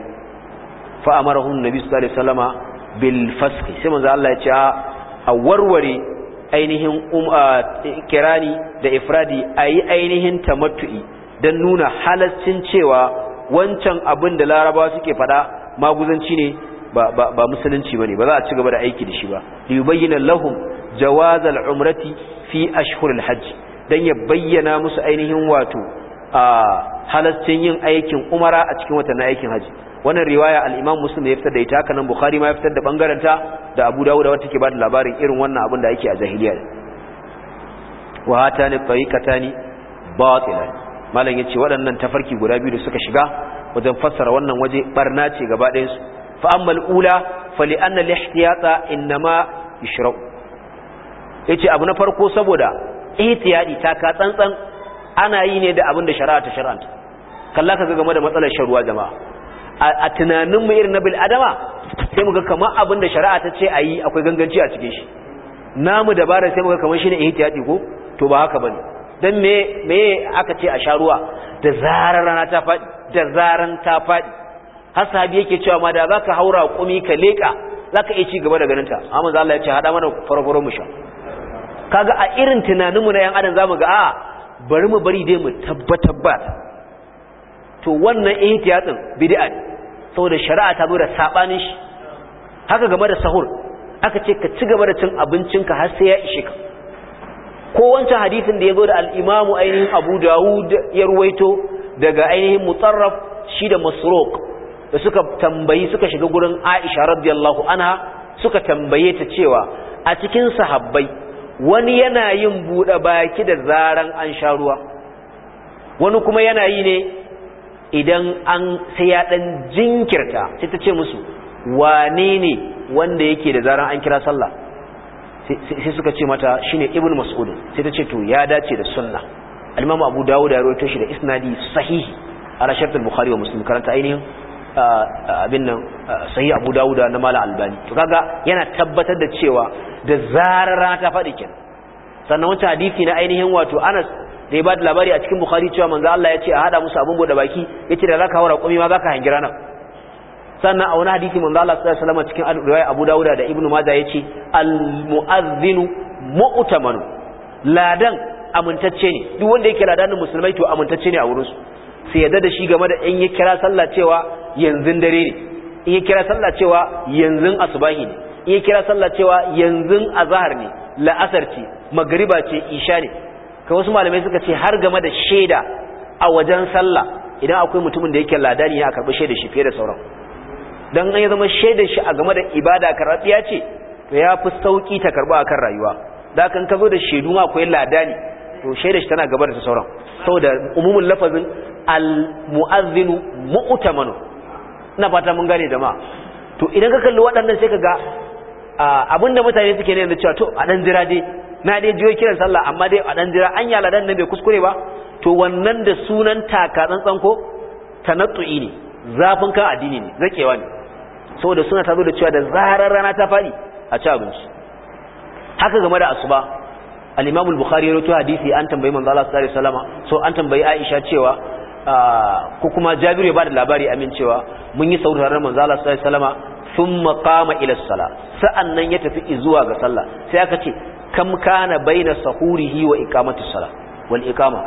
amarahum nabi sallallahu alaihi wasallama salama sai manzo Allah ya ce a warware ainihin um, kirani da ifradi yi ainihin ta tamattu'i don nuna halaccin cewa wancan abin da larabawa suke fada maguzanci ne ba musulunci ba ne ba za a ci gaba da aiki da shi ba da yi lahum lahun jawazal umrati fi ashirin hajji don dan ya bayyana musu ainihin wato A halascin yin aikin umara a cikin na aikin haji wannan riwaya al-Imam Muslim ya fitar da ita kanan Bukhari ma ya fitar da bangaren ta da Abu Dawud wanda take ba da labarin irin wannan abin da ake a jahiliya wa hatani tariqatani batilan malam yace waɗannan tafarki guda biyu da suka shiga wajen fassara wannan waje barna ce gaba ɗayan su fa ammal ula fa li anna al-ihtiyata inma yashra'u yace abu na farko saboda ihtiyadi ta ka tsantsan ana yi ne da abin da shari'a ta shari'anta kalla ka game da matsalar sharuwa zama jama'a a tunaninmu irin na bil adama sai muga kamar abin da shari'a ta ce a yi akwai ganganci a cikin shi namu dabarar sai muga kamar shine ihtiyati ko to ba haka bane dan me me aka ce a sharuwa da zarar rana ta fadi da zaran ta fadi har sahabi yake cewa ma da zaka haura kumi ka leka zaka iya ci gaba da nan ta amma Allah ya ce hada mana farfaro mu sha kaga a irin tunaninmu na yan adam zamu ga a bari mu bari dai mu tabbatar ba to wannan ihtiyatin bid'a ne saboda shari'a ta zo da sabanin shi haka game da sahur aka ce ka ci gaba da cin abincinka har sai ya ishe ka ko wancan hadisin da ya zo da al imam ainihin Abu Dawud ya ruwaito daga ainihin Mutarraf shi da Masruq da suka tambayi suka shiga gurin Aisha radiyallahu anha suka tambaye ta cewa a cikin sahabbai wani yana yin buɗe baki da zaran an sha ruwa wani kuma yana yi ne idan an sai ya ɗan jinkirta sai ta ce musu wane ne wanda yake da zaran an kira sallah sai suka ce mata shine ibn mas'ud sai ta ce to ya dace da sunna al-imam abu dawud ya rawaito shi da isnadi sahihi ala shart bukhari wa muslim karanta ainihin abin nan sai abu dauda na mala albani to kaga yana tabbatar da cewa da zarar rana ta faɗi kin sannan wancan hadisi na ainihin wato anas da ya ba labari a cikin bukhari cewa manzo Allah ya ce a hada musu abun bude baki yace da zaka haura kumi ma zaka hangi rana sannan a wani hadisi manzo Allah sallallahu alaihi wasallam cikin riwaya Abu dauda da Ibn Majah yace al muazzinu mu'tamanu ladan amintacce ne duk wanda yake ladanin musulmai to amintacce ne a wurin su sai yadda da shi game da in ya kira sallah cewa yanzu dare ne iya kira sallah cewa yanzu asubahi ne iya kira sallah cewa yanzu azahar ne la'asar ce magariba ce isha ne kai wasu malamai suka ce har game da shaida a wajen sallah idan akwai mutumin da yake ladani ya karbi shaida shi fiye da sauran dan an zama shaidar shi a game da ibada karabiya ce to ya fi sauki ta karba akan rayuwa da kan ka zo da shaidu ma akwai ladani to shaidar shi tana gaba da sauran saboda umumul lafazin al mu'azzinu mu'tamanu ina fata mun gane ma to idan ka kalli waɗannan sai ka ga abinda mutane suke ne da cewa to a ɗan jira dai na dai jiyo kiran sallah amma dai a ɗan jira an yi aladan nan bai kuskure ba to wannan da sunan taka tsantsan ko tanattu'i ne zafin kan addini ne zakewa ne saboda suna ta zo da cewa da zarar rana ta faɗi a ci abinci haka game da asuba al-imam al-bukhari ya rawaito hadisi an tambayi manzo Allah sallallahu alaihi wasallam so an tambayi Aisha cewa ko kuma jabiru ya ba da labari amincewa mun yi saurin manzo Allah sallallahu alaihi wasallama thumma qama ila sala nan ya tafi zuwa ga sallah sai aka ce kam kana baina sahurihi wa iqamati sala wal iqama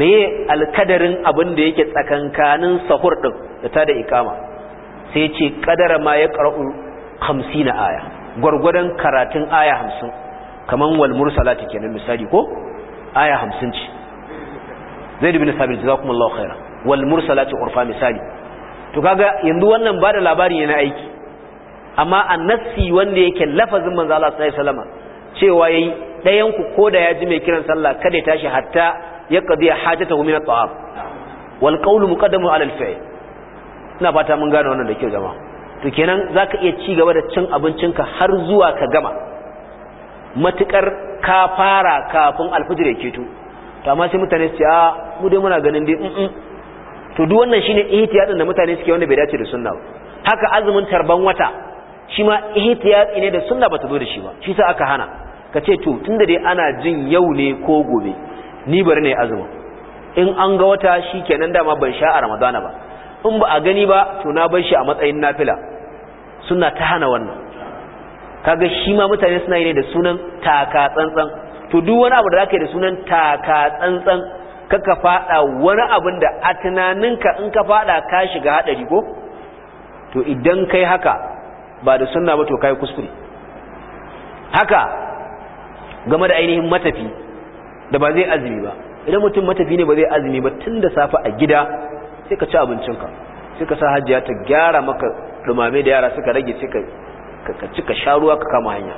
meye alkadarin abin da yake tsakankanin sahur din da ta da iqama sai ce kadara ma ya qara'u 50 aya gurgurdan karatun aya 50 kaman wal mursalati kenan misali ko aya 50 ce zaid bin sabit jazakumullahu khaira wal mursalati urfa misali to kaga yanzu wannan bada labarin yana aiki amma annasi wanda yake lafazin manzo Allah sallallahu alaihi wasallam cewa yayi dayan ku koda ya ji mai kiran sallah kada ya tashi hatta ya qadi hajatahu min at-ta'am wal qawlu muqaddamu ala al-fi'l ina fata mun gane wannan da kyau jama'a to kenan zaka iya ci gaba da cin abincinka har zuwa ka gama matukar ka fara kafin alfajir ya keto to amma sai mutane su ce a ah, mu dai muna ganin dai mm to duk wannan shine ihtiyadin da mutane suke wanda bai dace da sunna ba haka azumin tarban wata shi ma ihtiyadi ne da sunna bata zo da shi ba shi sa aka hana ka ce to tunda dai ana jin yau ne ko gobe ni bari ne azumin in an ga wata shi dama ban sha a ramadana ba in ba a gani ba to na bar shi a matsayin nafila sunna ta hana wannan kaga shi ma mutane suna yi ne da sunan taka tsantsan to duk wani abu da zaka yi da sunan taka tsantsan kaka fada wani abin da a tunaninka in ka fada ka shiga hadari ko to idan kai haka ba da sunna ba to kai kuskure haka game da ainihin matafi da ba zai azumi ba idan mutum matafi ne ba zai azumi ba tun da safe a gida sai ka ci abincinka sai ka sa hajjiya ta gyara maka dumame da yara suka rage sai ka ci ka sha ruwa ka kama hanya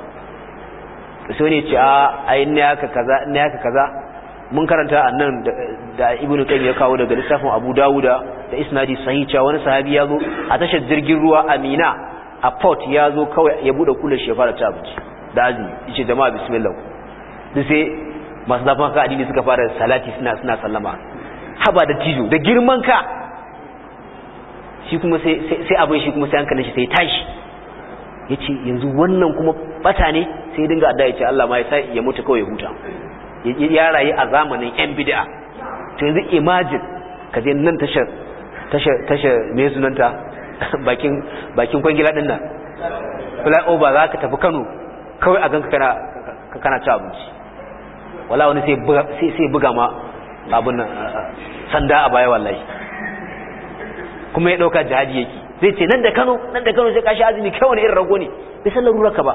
sai ne ce a ayin ne haka kaza ne kaza mun karanta annan da ibnu qayyim ya kawo daga lissafin abu dawuda da isnadi sahih cewa wani sahabi ya zo a tashar jirgin ruwa amina a port ya zo kawai ya bude kullu shi ya fara ta abinci da azumi yace jama'a bismillah duk sai masu zafin ka adini suka fara salati suna suna sallama haba da tijo da girman ka shi kuma sai abin shi kuma sai hankalin shi sai tashi yace yanzu wannan kuma bata ne sai dinga ya ce Allah ma ya sa ya mutu kawai ya huta ya rayu a zamanin yan bid'a to yanzu imagine ka je nan tashar tashar tashar me sunanta bakin bakin kwangila din nan flyover za ka tafi Kano kawai a ganka kana kana ci abinci wala wani sai buga ma abun nan sanda a baya wallahi kuma ya dauka jihadi yake zai ce nan da Kano nan da Kano sai kashi azumi kai wani irin rago ne bai san ka ba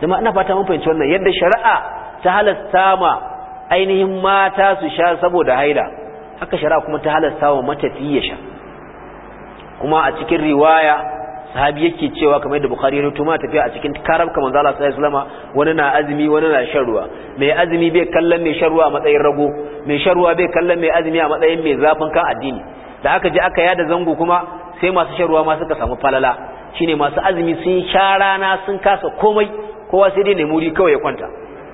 jama'a ina fata mun fahimci wannan yadda shari'a ta halasta ma ainihin mata su sha saboda haila haka shari'a kuma ta halasta wa matafiya sha kuma a cikin riwaya sahabi yake cewa kamar yadda bukhari ya rubuta mata tafiya a cikin karab kamar Allah sallallahu wani na azumi wani na shan ruwa mai azumi bai kallon mai shan a matsayin rago mai shan ruwa bai kallon mai azumi a matsayin mai zafin kan addini da aka je aka yada zango kuma sai masu shan ruwa ma suka samu falala shine masu azumi sun sha rana sun kasa komai kowa sai dai nemuri kawai ya kwanta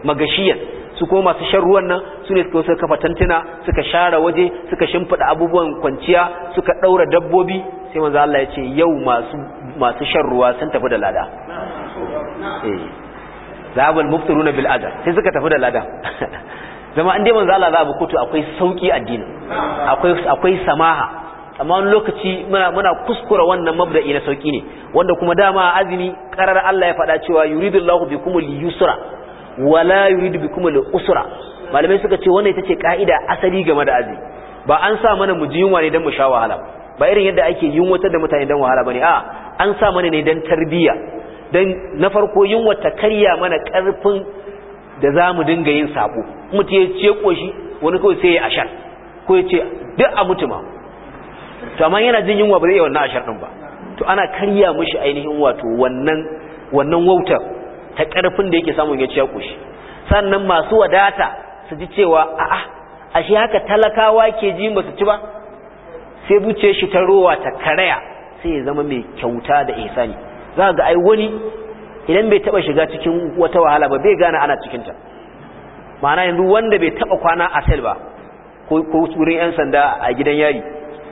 magashiyan su kuma masu shan ruwan nan su ne suka kafa tantuna suka share waje suka shimfiɗa abubuwan kwanciya suka ɗaura dabbobi sai manzo Allah ya ce yau masu masu shan sun tafi da lada eh zabul muftiruna bil adab sai suka tafi da lada zama an dai manzo za a bukutu akwai sauki addinin akwai samaha amma wani lokaci muna kuskura wannan mabda'i na sauki ne wanda kuma dama azumi karar Allah ya faɗa cewa yuridullahu bikumul yusra wala yuridu bikumul usra malamai suka ce wannan ita ce ka'ida asali game da azumi ba an sa mana mu ji yunwa ne don mu sha wahala ba irin yadda ake yunwatar da mutane don wahala bane a an sa mana ne don tarbiyya don na farko yunwa ta karya mana karfin da za mu dinga yin sabo mutu ya ce koshi wani kawai sai ya ashar ko ya ce duk a mutu ma to amma yana jin yunwa ba zai yi wannan ashar din ba to ana karya mushi ainihin wato wannan wautar ta karfin da yake samun ya ci ya koshi sannan masu wadata su ji cewa a'a ashe haka talakawa ke ji ba su ci ba sai buce shi ta rowa ta karaya sai ya zama mai kyauta da ihsani za ga ai wani idan bai taba shiga cikin wata wahala ba bai gane ana cikinta ma'ana yanzu wanda bai taba kwana a sel ba ko wurin 'yan sanda a gidan yari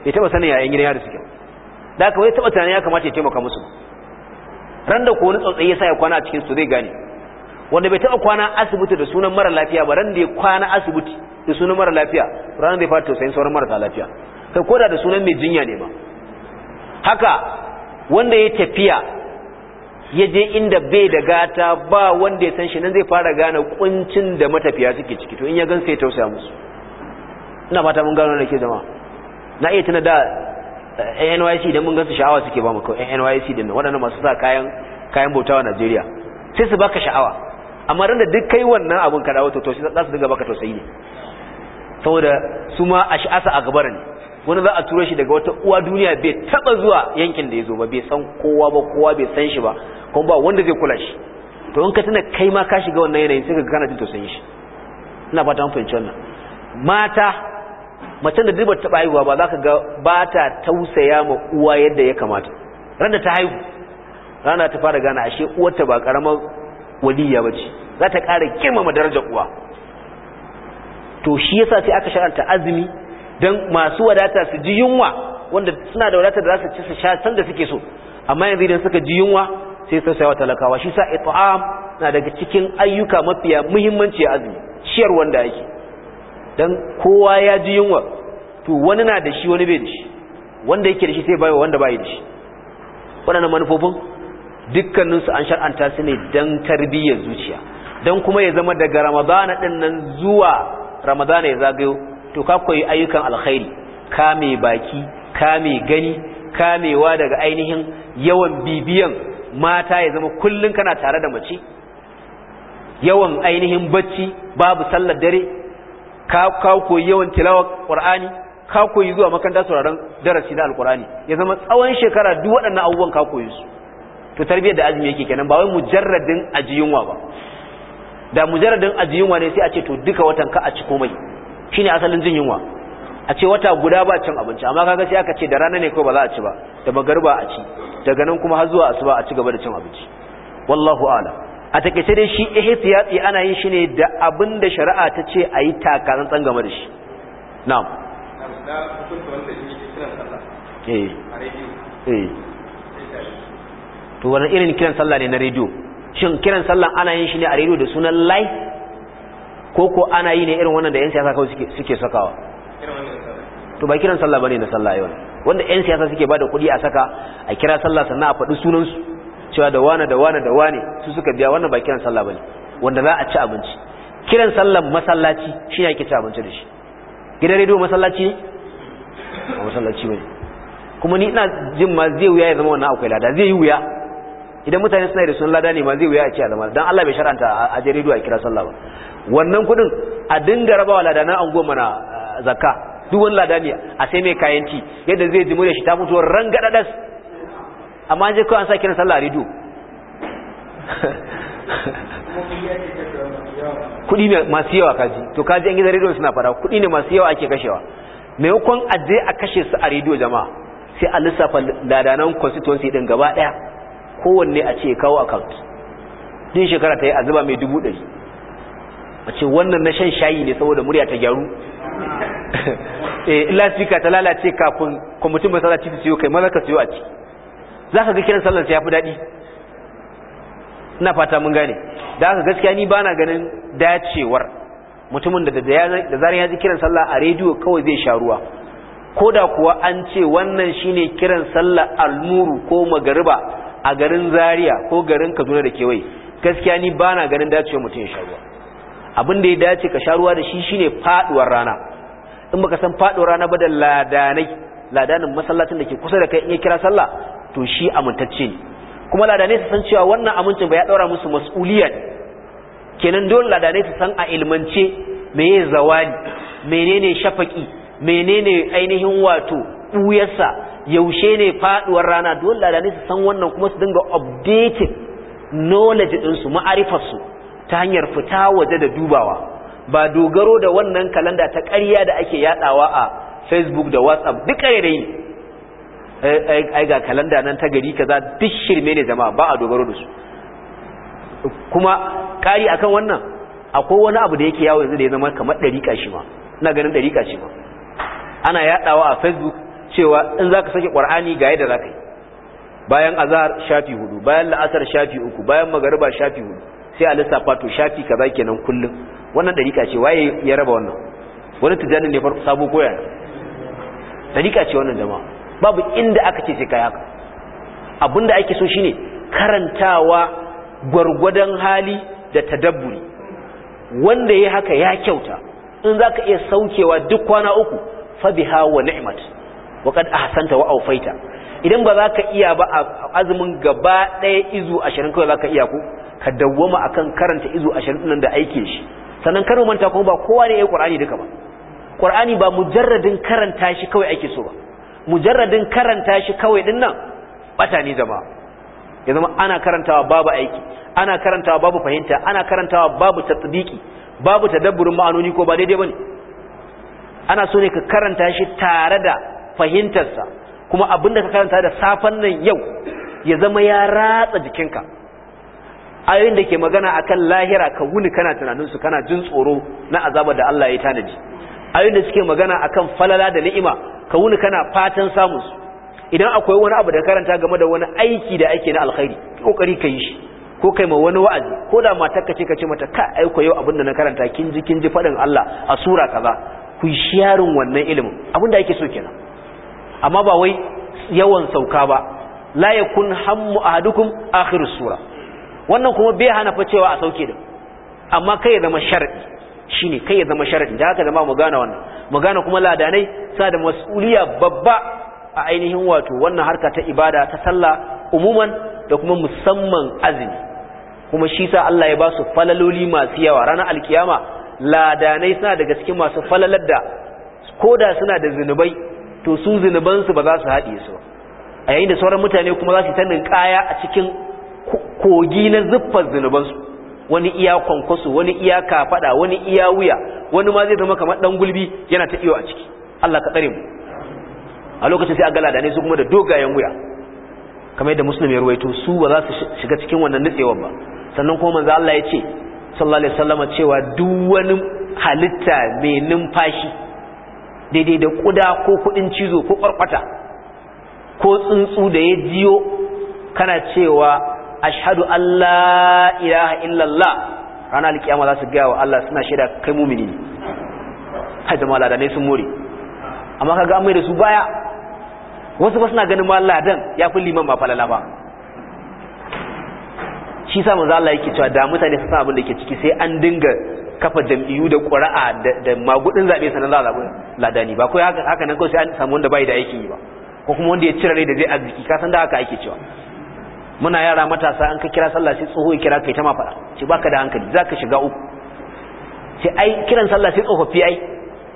bai taba sanin yayin gidan yari suke da aka wai taba tunanin ya kamata ya taimaka musu ran da ko wani tsautsayi ya sa ya kwana a cikin su zai gane wanda bai taba kwana asibiti da sunan mara lafiya ba ran da ya kwana asibiti da sunan mara lafiya ranar da ya fara tausayin sauran mara lafiya kai koda da sunan mai jinya ne ba haka wanda ya tafiya ya je inda bai da gata ba wanda ya san shi nan zai fara gane kuncin da matafiya suke ciki to in ya gan sai tausaya musu ina fata mun gano da ke zama na iya tuna da eh, NYC idan mun gansu sha'awa suke ba mu kawai eh, NYC da waɗannan masu sa kayan kayan bautawa Najeriya sai su baka sha'awa amma ran da duk kai wannan abun ka dawo to to za su dinga baka tausayi ne saboda su ma ash'asa a gabara ne wani za a turo shi daga wata uwa duniya bai taba zuwa yankin da ya zo ba bai san kowa ba kowa bai san shi ba kuma ba wanda zai kula shi to in ka tuna kai ma ka shiga wannan yanayin sai ka kana jin tausayin shi ina fata an fahimci wannan mata macen da duk ba taba haihuwa ba za ka ga ba ta tausaya ma uwa yadda ya kamata ran da ta haihu rana ta fara gana ashe uwarta ba karamar waliyya ba ce za ta ƙara girmama darajar uwa to shi yasa sai aka shar'anta azumi don masu wadata su ji yunwa wanda suna da wadata da za su ci su sha da suke so amma yanzu idan suka ji yunwa sai su sayawa talakawa shi sa it'am na daga cikin ayyuka mafiya muhimmanci a azumi ciyar wanda yake dan kowa ya ji yunwa to wani na da shi wani bai da shi wanda yake da shi sai bai wanda bai da shi wannan manufofin dukkaninsu an shar'anta su ne dan tarbiyyar zuciya dan kuma ya zama daga ramadana din nan zuwa ramadana ya zagayo to ka koyi ayyukan alkhairi kame baki kame gani kamewa daga ainihin yawan bibiyan mata ya zama kullun kana tare da mace yawan ainihin bacci babu sallar dare ka ka koyi yawan tilawar qur'ani ka koyi zuwa makaranta sauraron darasi na alqur'ani ya zama tsawon shekara duk waɗannan abubuwan ka koyi su to tarbiyyar da azumi yake kenan ba wai mujarradin ajiyunwa ba da mujarradin ajiyunwa ne sai a ce to duka watan ka a ci komai shine asalin jin yunwa a ce wata guda ba cin abinci amma kaga sai aka ce da rana ne ko ba za a ci ba da magarba a ci daga nan kuma har zuwa asuba a ci gaba da cin abinci wallahu ala a sai dai shi ihtiyati ana yin shi ne da abin da shari'a ta ce a yi takaran tsan game da shi na'am eh eh to wannan irin kiran sallah ne na rediyo shin kiran sallah ana yin shi ne a rediyo da sunan live ko ko ana yi ne irin wannan da 'yan siyasa kawai suke sakawa to ba kiran sallah bane na sallah yau wanda 'yan siyasa suke bada kuɗi a saka a kira sallah sannan a faɗi sunansu cewa da wane da wane da wane su suka biya wannan ba kiran sallah bane wanda za a ci abinci kiran sallan masallaci shi ne ake ci abinci da shi gidan rediyo masallaci ne ba masallaci bane kuma ni ina jin ma zai wuya ya zama wannan akwai lada zai yi wuya idan mutane suna da sunan lada ne ma zai wuya a ci a zama dan Allah bai shar'anta a je rediyo a kira sallah ba wannan kudin a dinga rabawa ladana an goma na eh, zakka duk wani ladani a sai mai kayan ci yadda zai ji shi ta mutuwar ran gadadas amma je kawai an sa kiran sallah rido kudi ne masu yawa kaji to kaji an gidan rido suna fara kudi ne masu yawa ake kashewa maimakon a je a kashe su a rido jama'a sai a lissafa ladanan constituency din gaba daya kowanne a ce kawo account din shekara ta yi a zuba mai dubu ɗari a ce wannan na shan shayi ne saboda murya ta gyaru eh sika ta lalace kafin kwamitin masallaci su siyo kai maza ka siyo a ci za ka ga kiran sallar ya fi daɗi ina fata mun gane da haka gaskiya ni bana ganin dacewar mutumin da da zarar ya ji kiran sallah a rediyo kawai zai sha ruwa ko da kuwa an ce wannan shine kiran sallah almuru ko magariba a garin zaria ko garin kaduna da kewaye gaskiya ni bana ganin dacewar mutum ya sha ruwa abin da ya dace ka sha ruwa da shi shine faduwar rana in baka san faduwar rana ba da ladanai ladanin masallacin da ke kusa da kai in ya kira sallah to shi amintacce ne kuma ladanai su san cewa wannan amincin ba ya daura musu mas'uliyar kenan dole ladanai su san a ilmance meye zawali menene shafaki menene ainihin wato buyarsa yaushe ne faduwar rana dole ladanai su san wannan kuma su dinga updating knowledge din su ma'arifar su. ta hanyar fita waje da dubawa ba dogaro da wannan kalanda ta ƙarya da ake yadawa a facebook da whatsapp duk ƙarerai ai ga kalanda nan ta gari kaza duk shirme ne jama'a ba a dogaro da su kuma ƙari akan wannan akwai wani abu da yake yawo yanzu da ya zama kamar ɗarika shi ma ina ganin ɗarika shi ma ana yadawa a facebook cewa in za ka sake ƙwar'ani ga yadda za ka yi bayan azar shafi hudu bayan la'asar shafi uku bayan magariba shafi hudu sai a lissafa to shafi kaza kenan kullum wannan dariƙa ce waye ya raba wannan wani tijani ne farko sabo koya dariƙa ce wannan jama'a babu inda aka ce sai kai abinda ake so shine karantawa gwargwadon hali da tadabburi wanda yayi haka ya kyauta in zaka iya saukewa duk kwana uku fa biha wa ni'mat wa qad ahsanta wa awfaita idan ba za ka iya ba azumin gaba ɗaya izu ashirin kawai za ka iya ko. ka dawwama akan karanta izu 20 nan da aike shi sannan kar manta kuma ba kowa ne ya Qur'ani duka ba Qur'ani ba mujarradin karanta shi kawai ake so ba mujarradin karanta shi kawai din nan bata ne zama ya zama ana karantawa babu aiki ana karantawa babu fahimta ana karantawa babu tatbiki babu tadabburin ma'anoni ko ba daidai bane ana so ne ka karanta shi tare da fahimtarsa kuma abinda ka karanta da safan nan yau ya zama ya ratsa jikinka ayoyin da ke magana akan lahira ka wuni kana tunanin su kana jin tsoro na azaba da Allah ya tanaji ayoyin da suke magana akan falala da ni'ima ka wuni kana fatan samun su idan akwai wani abu da karanta game da wani aiki da ake na alkhairi kokari ka yi shi ko kai ma wani wa'azi ko da ka ce ka ce mata ka aiko yau abin da na karanta kin ji kin ji fadin Allah a sura kaza ku yi sharin wannan ilimin abin da ake so kenan amma ba wai yawan sauka ba la yakun hammu ahadukum akhirus sura wannan kuma bai hana fa cewa a sauke da amma kai ya zama sharadi shine kai ya zama sharadi da haka zama mu gane wannan mu gane kuma ladanai sa da mas'uliya babba a ainihin wato wannan harka ta ibada ta sallah umuman da kuma musamman azumi kuma shi sa Allah ya ba su falaloli masu yawa ranar alkiyama ladanai suna daga cikin masu falalar da koda suna da zunubai, to su zinubansu ba za su haɗe su a yayin da sauran mutane kuma za su ta ninkaya a cikin kogi na zuffar zunubansu wani iya kwankwaso wani iya kafada wani iya wuya wani ma zai zama kamar dan gulbi yana ta iyo a ciki Allah ka tsare mu a lokacin sai a galada ne su kuma da dogayen wuya kamar yadda musulmi ya ruwaito su ba za su shiga cikin wannan nutsewar ba sannan kuma manzo Allah ya ce sallallahu alaihi wasallama cewa duk wani halitta mai numfashi daidai da kuda ko kudin cizo ko kwarkwata ko tsuntsu da ya jiyo kana cewa ashhadu an la ilaha illallah ranar alkiyama za su gaya wa Allah suna shaida kai mumini ne hai da malada ne sun more amma kaga ga mai da su baya wasu ba suna ganin maladan ya fi liman ba falala ba shi sa maza Allah yake cewa da mutane su san abin da ke ciki sai an dinga kafa jam'iyyu da ƙura'a da magudin zabe sanar za a zabi ladani ba ko haka haka nan kawai sai an samu wanda bai da aikin yi ba ko kuma wanda ya cire rai da zai arziki ka san da haka ake cewa muna yara matasa an ka kira sallah sai tsoho ya kira kai ta ma faɗa ce baka da hankali za ka shiga uku ce ai kiran sallah sai tsofaffi ai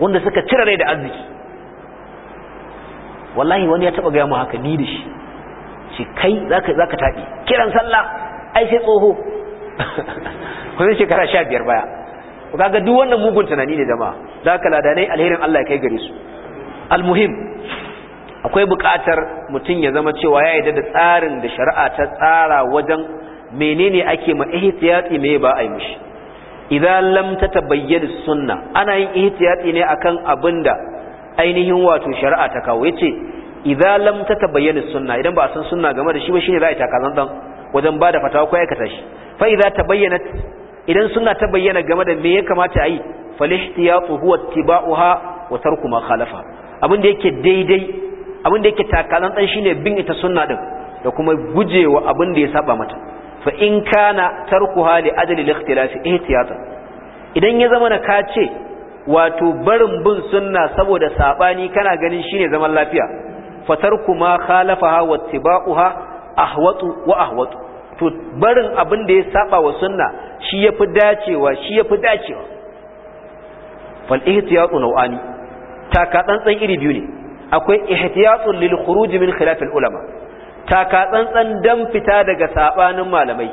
wanda suka cire rai da arziki wallahi wani ya taba gaya mu haka ni da shi ce kai za ka taɓi kiran sallah ai sai tsoho kuma shekara biyar baya kaga duk wannan mugun tunani ne jama'a ka ladanai alherin Allah ya kai gare su almuhim akwai buƙatar mutum ya zama cewa ya yadda da tsarin da shari'a ta tsara wajen menene ake ma ihtiyati me ba a yi mishi idan lam ta tabayyana sunna ana yin ihtiyati ne akan da ainihin wato shari'a ta kawo yace idan lam ta tabayyana sunna idan ba a san sunna game da shi ba shine za a yi takazan dan wajen ba da fatawa ko aikata shi fa idza tabayyanat idan sunna ta bayyana game da me ya kamata a yi falihtiyatu huwa ittiba'uha wa tarku ma khalafa abin da yake daidai abin da yake takalan dan shine bin ita sunna din da kuma gujewa abin da ya saba mata fa in kana tarkuha li ajli al-ikhtilaf ihtiyata idan ya zama na kace wato barin bin sunna saboda sabani kana ganin shine zaman lafiya fa tarku ma khalafaha wa ahwatu wa ahwatu to barin abin da ya saba wa sunna shi yafi dacewa shi yafi dacewa fal ihtiyatu nau'ani taka tsantsan iri biyu ne akwai ihtiyatun lil khuruj min khilaf al ulama taka tsantsan dan fita daga sabanin malamai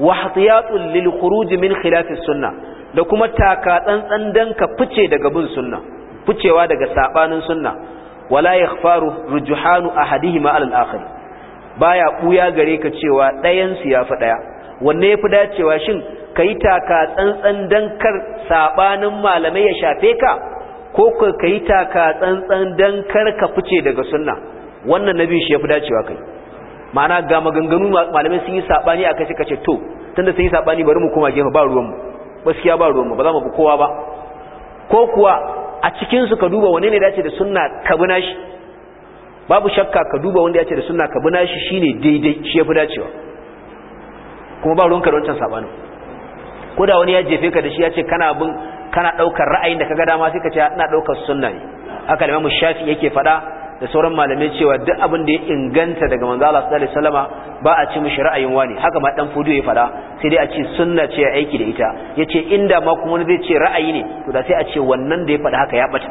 wa ihtiyatun lil khuruj min khilaf as sunna da kuma taka tsantsan dan ka fice daga bin sunna ficewa daga sabanin sunna wala yakhfaru rujuhanu ahadihima al akhir baya buya gare ka cewa dayan su yafi daya wanne yafi dacewa shin kai taka tsantsan dan kar sabanin malamai ya shafe ka ko ka yi taka tsantsan don kar ka fice daga sunna wannan nabi shi ya fi dacewa kai ma'ana ga maganganu malamai sun yi saɓani a kashe kace to tunda sun yi saɓani bari mu koma gefe ba ruwanmu gaskiya ba ruwanmu ba za mu bi kowa ba ko kuwa a cikinsu ka duba wane ne dace da sunna ka bi nashi babu shakka ka duba wanda ya ce da sunna ka bi nashi shine daidai shi ya fi dacewa kuma ba ruwanka da wancan saɓanin ko da wani ya jefe ka da shi ya ce kana bin kana daukar ra'ayin da kaga dama sai ka ce ina daukar sunna ne haka mu Shafi yake fada da sauran malamai cewa duk abin da ya inganta daga manzo Allah sallallahu alaihi wasallama ba a ci mishi ra'ayin wani haka ma dan fudu ya fada sai dai a ce sunna ce ya aiki da ita yace inda ma kuma wani zai ce ra'ayi ne to da sai a ce wannan da ya fada haka ya bata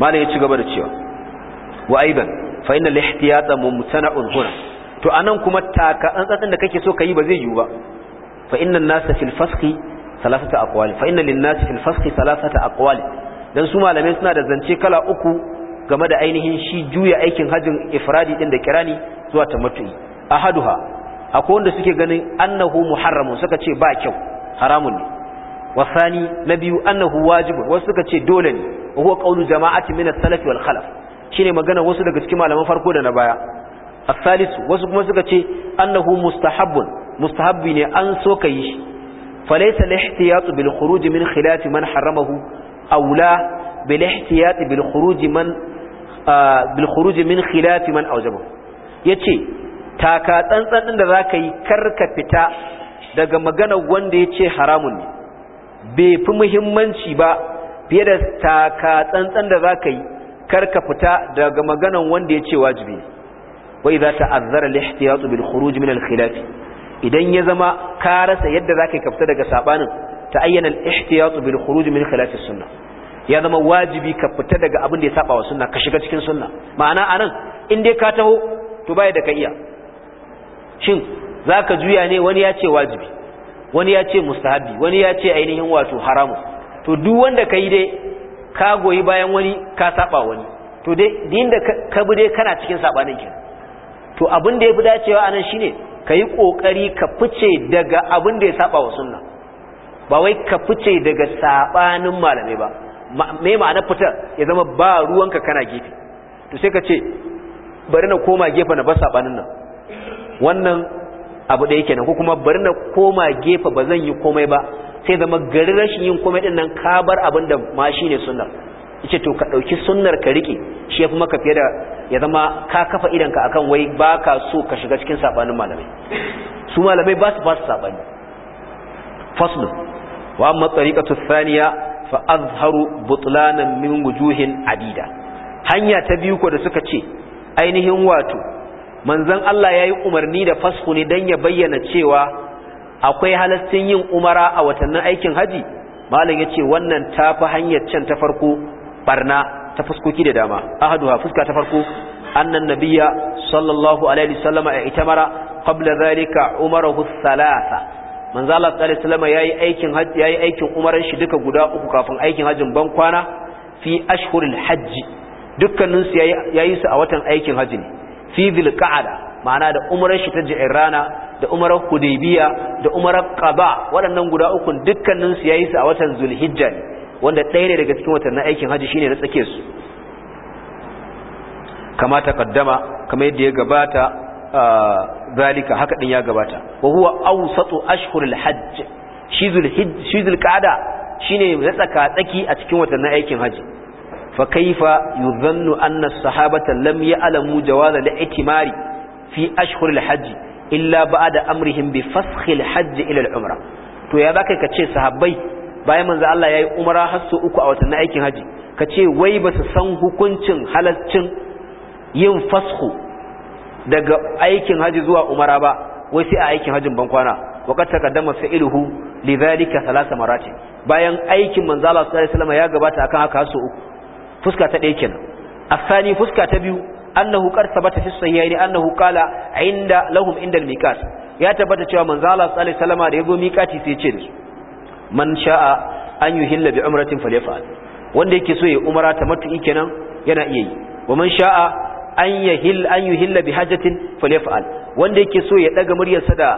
malai ya ci gaba da cewa wa aidan fa inna al-ihtiyat mumtana'un huna to anan kuma taka tsatsin da kake so kayi ba zai yiwu ba fa inna an-nasa fil fasqi salasata aqwali fa inna lin-nasi fil fasqi dan su malamai suna da zance kala uku game da ainihin shi juya aikin hajjin ifradi din da kirani zuwa tamattu'i ahaduha akwai wanda suke ganin annahu muharramun suka ce ba kyau haramun ne wasani na biyu annahu wajibun wasu suka ce dole ne wa huwa qawlu jama'ati min as-salaf wal khalaf shine magana wasu daga cikin malaman farko da na baya as-salis wasu kuma suka ce annahu mustahabbun mustahabbi ne an so yi shi falaysa al-ihtiyat bil min khilaf man haramahu aula bil ihtiyat bil khuruj man bil khuruj min khilaf man awjabahu yace taka tsantsan da fita daga magana wanda yace haramun ne bai fi muhimmanci ba fiye da taka tsantsan da zaka yi karka fita daga maganar wanda ya ce wajibi wa idza ta'azzara al-ihtiyat bil khuruj min al-khilaf idan ya zama ka rasa yadda zaka kafta daga sabanin ta ayyana al-ihtiyat bil khuruj min khilaf sunnah ya zama wajibi ka fita daga abin da ya saba wa sunna ka shiga cikin sunna ma'ana anan in dai ka taho to bai da ka iya shin zaka juya ne wani ya ce wajibi wani ya ce mustahabi wani ya ce ainihin wato haramu to duk wanda kai dai ka goyi bayan wani ka saba wani to dai din ka bi dai kana cikin sabanin kenan to abin da ya fi dacewa anan shine ka yi ƙoƙari ka fice daga abin da ya saba wa sunna ba wai ka fice daga saɓanin malamai ba mai ma'ana fita ya zama ba ruwanka kana gefe to sai ka ce bari na koma gefe na ba sabanin nan wannan abu da yake nan ko kuma bari na koma gefe ba zan yi komai ba sai zama gari rashin yin komai dinnan nan ka bar abin da ma shi ne sunna yace to ka ɗauki sunnar ka riƙe shi ya fi maka fiye da ya zama ka kafa idanka akan wai baka so ka shiga cikin sabanin malamai su malamai ba su ba su sabani faslu wa amma tariqatu thaniya fa azharu butlanan min wujuhin adida hanya ta biyu ko da suka ce ainihin wato manzon Allah ya yi umarni da fasku ne dan ya bayyana cewa akwai halastin yin umara a watannin aikin haji malam yace wannan tafi hanyar can ta farko barna ta fuskoki da dama ahaduha fuska ta farko annan nabiyya sallallahu alaihi wasallam a itamara qabla zalika umarahu thalatha manzo Allah sallallahu alaihi wasallam yayi aikin hajji umaran shi duka guda uku kafin aikin hajjin ban kwana fi ashhuril hajji Dukkaninsu ya yi su a watan aikin hajji fi dhil ma'ana da umaran shi ta ji'rana da umarar hudaybiya da umarar kaba waɗannan guda ukun. Dukkaninsu ya yi su a watan zulhijja ne wanda ɗaya ne daga cikin watannin aikin hajji shine na tsake su kama taqaddama kama yadda ya gabata ah, zalika haka din ya gabata wa huwa awsatu ashhuril hajj shi zul qa'da shine na tsaka tsaki a cikin watannin aikin hajji. fa kaifa yuzannu anna as-sahabata lam ya'lamu jawaza li'timari fi ashhuril hajj illa ba'da amrihim bi fashil hajj ila al-umra to ya zaka ka ce sahabbai bayan manzo Allah yayi umara har su uku a watan aikin haji ka ce wai ba su san hukuncin halaccin yin fasku daga aikin haji zuwa umara ba wai sai a aikin hajin ban kwana wa qad taqaddama fa'iluhu lidhalika thalatha marati bayan aikin manzo Allah sallallahu alaihi wasallam ya gabata akan haka su uku fuska ta ɗaya kenan asani fuska ta biyu annahu qad thabata fi sahihaini annahu qala inda lahum inda al ya tabbata cewa manzo Allah sallallahu alaihi wasallam da yago miqati sai ya ce da su man sha'a an yuhilla bi umratin falyafal wanda yake so ya umara tamattu'i kenan yana iya yi wa man sha'a an yahil an yuhilla bi hajjatin falyafal wanda yake so ya daga muryarsa da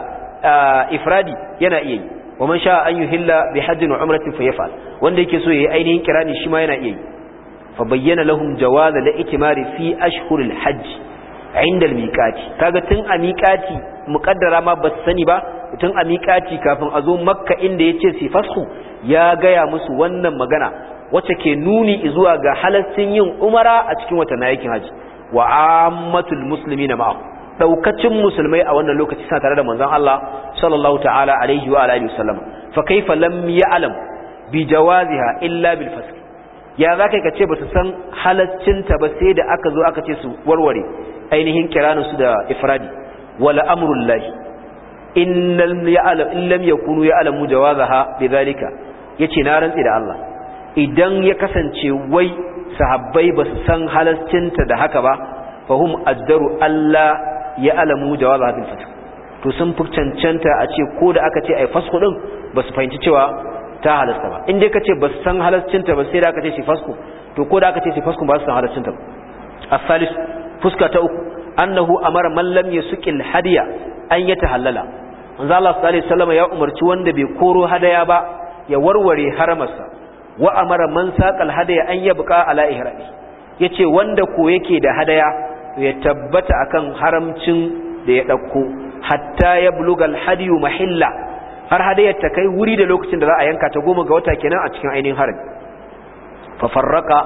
ifradi yana iya yi wa man sha'a an yuhilla bi hajjin wa umratin falyafal wanda yake so ya yi ainihin kirani shi ma yana iya yi fa bayyana lahum jawaza la ikmari fi ashhuril hajji. indal miqati kaga tun a miqati muqaddara ma ba su sani ba tun a miqati kafin a zo makka inda ya ce si fasku ya gaya musu wannan magana wacce ke nuni zuwa ga halastin yin umara a cikin watan yakin haji wa ammatul na ma'a musulmai a wannan lokaci suna tare da manzon Allah sallallahu ta'ala alaihi wa wasallam fa kaifa lam ya'lam bi jawaziha illa bil fasl ya za ka ce ba su san halaccinta ba sai da aka zo aka ce su warware ainihin kiraninsu da ifradi wala amrun lahi in lam yakunu ya'lamu jawazaha bidhalika yace na rantsi da Allah idan ya kasance wai sahabbai ba su san halaccinta da haka ba fahum addaru Allah ya'lamu jawazaha bil to sun fi cancanta a ce ko da aka ce ai fasku din ba su fahimci cewa ta halasta ba inda ka ce ba su san halascinta ba sai da aka ce shi fasko to ko da aka ce shi fasko ba su san halascinta ba asalis fuska ta uku annahu amara mallam ya yasqil hadiya an ta yatahallala manzo Allah sallallahu alaihi wasallam ya umarci wanda bai koro hadaya ba ya warware haramarsa wa amara man saqal hadaya an yabqa ala ihrami yace wanda ko yake da hadaya ya tabbata akan haramcin da ya dauko hatta ya bulugal hadiyu mahilla har hadayar ta kai wuri da lokacin da za a yanka ta goma ga wata kenan a cikin ainihin harin fa farraka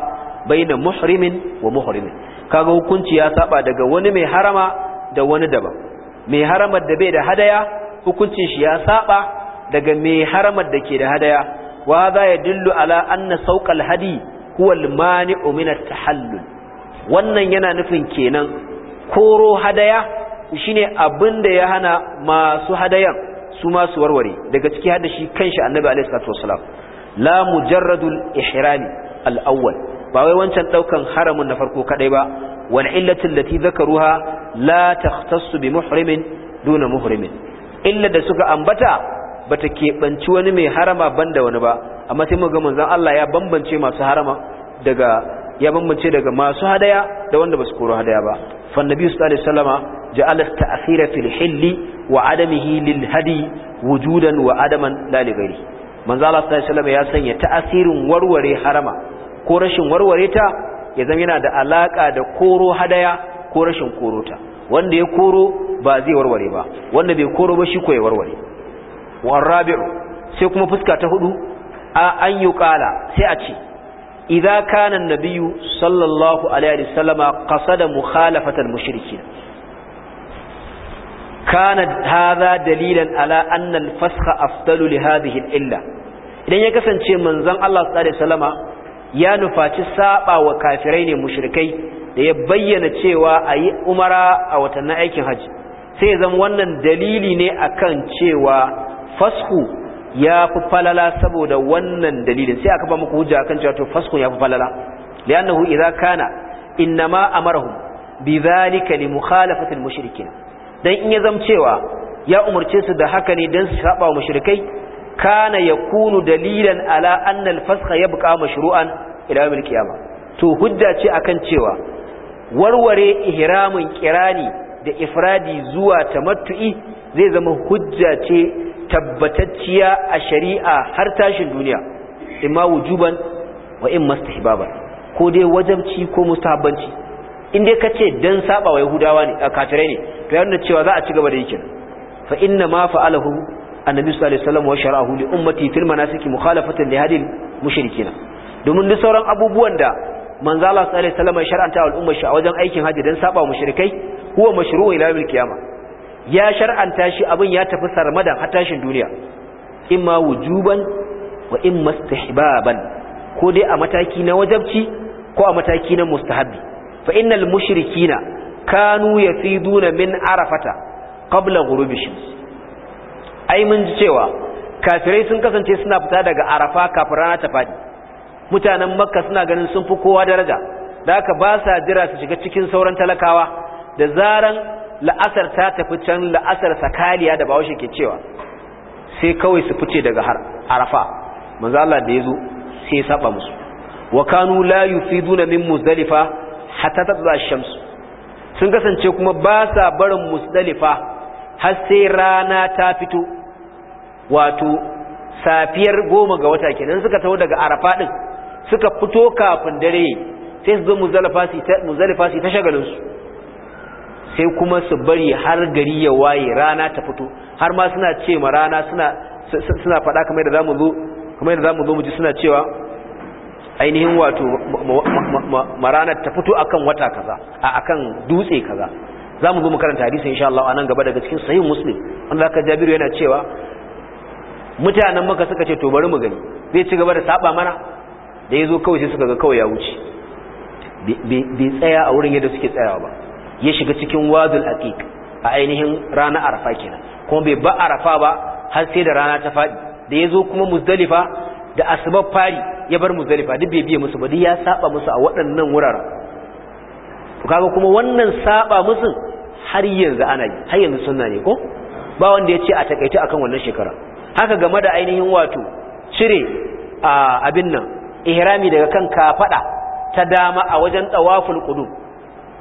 baina muhrimin wa muhrimin kaga hukunci ya saba daga wani mai harama da wani daban mai haramar da bai da hadaya hukuncin shi ya saba daga mai haramar da ke da hadaya wa za ya dillu ala anna sauqal hadi huwa al-mani'u min tahallul wannan yana nufin kenan koro hadaya shine abin da ya hana masu hadayan su ma su warware daga ciki hada shi kanshi annabi alaihi salatu wasalam la mujarradul ihrami al-awwal ba wai wancan daukan haramun na farko kadai ba wal illati allati dhakaruha la takhtassu bi muhrimin duna muhrimin illa da suka ambata bata kebanci wani mai harama banda wani ba amma sai muga manzon Allah ya bambance masu harama daga ya bambance daga masu hadaya da wanda basu koro hadaya ba fa annabi sallallahu alaihi wasallama ja'ala ta'khira fil hilli wa adamihi lil hadi wujudan wa'adaman adaman la li ghairi ya sanya ta'asirin warware harama ko rashin warware ta ya zama yana da alaƙa da koro hadaya ko rashin korota wanda ya koro ba zai warware ba wanda bai koro ba shi ko ya warware wa rabi'u sai kuma fuska ta hudu a sai a ce idza kana nabiyyu sallallahu alaihi wasallama qasada mukhalafata kana hadha dalilan ala anna al-fasakha afdalu li hadhihi al-illa idan ya kasance manzon Allah sallallahu alaihi wasallama ya nufaci saba wa kafirai ne mushrikai da ya bayyana cewa ayi umara a watannin aikin haji sai zan wannan dalili ne akan cewa fasku ya fi falala saboda wannan dalilin sai aka ba muku hujja akan cewa to fasku ya fi falala li'annahu idza kana innama amarahum bidhalika li mukhalafatil mushrikin dan in ya zamcewa cewa ya umarce su da haka ne dan su saba wa mushrikai kana yakunu dalilan ala anna al ya yabqa mashru'an ila yawm al-qiyamah to hujja ce akan cewa warware ihramin kirani da ifradi zuwa tamattu'i zai zama hujja ce tabbatacciya a shari'a har tashin duniya imma wujuban wa imma istihbaban ko dai wajabci ko mustahabbanci in dai ce dan saba wa yahudawa ne kafirai ne to yana cewa za a ci gaba da yake fa inna ma fa'alahu annabi sallallahu alaihi wasallam wa shara'ahu li ummati fil manasiki mukhalafatan li hadil mushrikina domin duk sauran abubuwan da manzo Allah sallallahu alaihi wasallam ya shar'anta al a wajen aikin haji dan saba mushrikai huwa mashru'u ila yawmil qiyama ya shar'anta shi abin ya tafi sarmadan hatashin duniya imma wujuban wa imma istihbaban ko dai a mataki na wajabci ko a mataki na mustahabbi fa innal mushrikina kanu yafiduna min arafata qabla ghurubi shams ai mun ji cewa kafirai sun kasance suna fita daga arafa kafin rana ta fadi mutanen makka suna ganin sun fi kowa daraja da aka ba sa jira su shiga cikin sauran talakawa da zaran la'asar ta tafi can la'asar sakaliya da bawo ke cewa sai kawai su fice daga arafa manzo Allah da yazo sai ya saba musu wa kanu la yufiduna min muzdalifa hatta ta shamsu sun kasance kuma ba sa barin musdalifa har sai rana ta fito wato safiyar goma ga wata kenan suka taho daga arafa din suka fito kafin dare sai su zo musdalifa su ta shagalinsu sai kuma su bari har gari ya waye rana ta fito har ma suna ce rana suna suna faɗa kamar da zamu zo zo mu ji suna cewa ainihin wato maranar ta fito akan wata kaza a akan dutse kaza za mu zo makaranta hadisi insha Allah a nan gaba daga cikin sahih muslim wanda aka jabiru yana cewa mutanen maka suka ce to bari mu gani zai ci gaba da saba mana da yazo kawai sai suka ga kawai ya wuce bai tsaya a wurin yadda suke tsayawa ba ya shiga cikin wadul aqiq a ainihin rana arafa kenan kuma bai ba arafa ba har sai da rana ta faɗi. da ya zo kuma muzdalifa da asubar fari ya bar mu muzdalifa duk bai biye musu ba duk ya saba musu a waɗannan wuraren to kaga kuma wannan saba musu har yanzu ana yi har yanzu sunna ne ko ba wanda ya ce a takaita akan wannan shekara haka game da ainihin wato cire a abin nan ihrami daga kan kafada ta dama a wajen tawaful qudum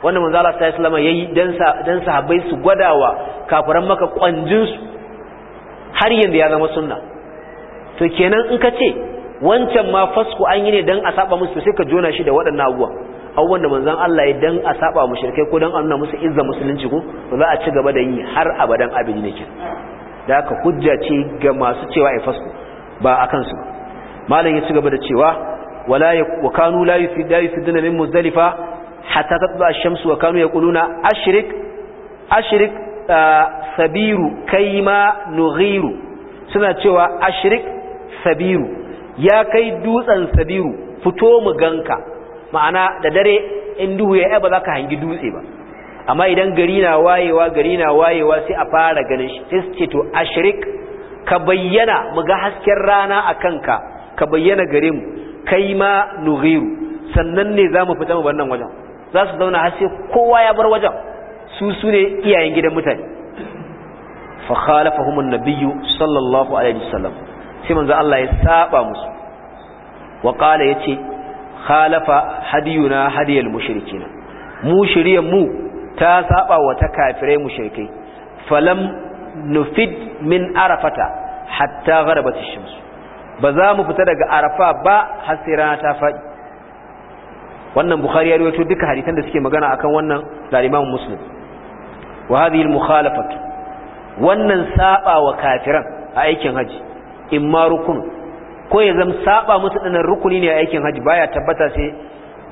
wannan manzo Allah sallallahu alaihi wasallam yayi dan dan sahabbai su gwadawa kafaran maka kwanjin su har yanzu ya zama sunna to kenan in ka ce wancan ma fasku an yi ne don a saba musu sai ka jona shi da waɗannan abuwa abubuwan da manzan Allah ya don a saba mushrikai ko don a musu izza musulunci ko za a ci gaba da yi har abadan abin ne da haka hujja ce ga masu cewa ya fasku ba a kansu malam ya ci gaba da cewa wala wa kanu la yufiduna min muzdalifa hatta tatlu ash-shamsu wa kanu yaquluna ashrik ashrik ah, sabiru kaima nughiru suna cewa ashrik sabiru ya kai dutsen sabiru fito mu ganka ma'ana da dare in duhu ya ba za ka hangi dutse ba amma idan gari na wayewa gari na wayewa sai a fara ganin shi sai ce to ashrik ka bayyana mu ga hasken rana a kanka ka bayyana gare mu kai ma nughiru sannan ne za mu fita mu wannan wajen za su zauna har sai kowa ya bar wajen su su ne iyayen gidan mutane fa khalafahum an-nabiyyu sallallahu alaihi wasallam sai manzo Allah ya saba musu wa qala yace khalafa hadiyuna hadiyal mushrikin mu mu ta saba wa ta kafirai mushrikai falam nufid min arafata hatta gharabat ash-shams ba za mu fita daga arafa ba har sai rana ta wannan bukhari ya rawaito duka hadisan da suke magana akan wannan da imam muslim wa hadhihi al-mukhalafatu wannan saba wa kafiran a aikin haji in ma rukun ko ya zama saba musu dinan rukuni ne a aikin haji baya tabbata sai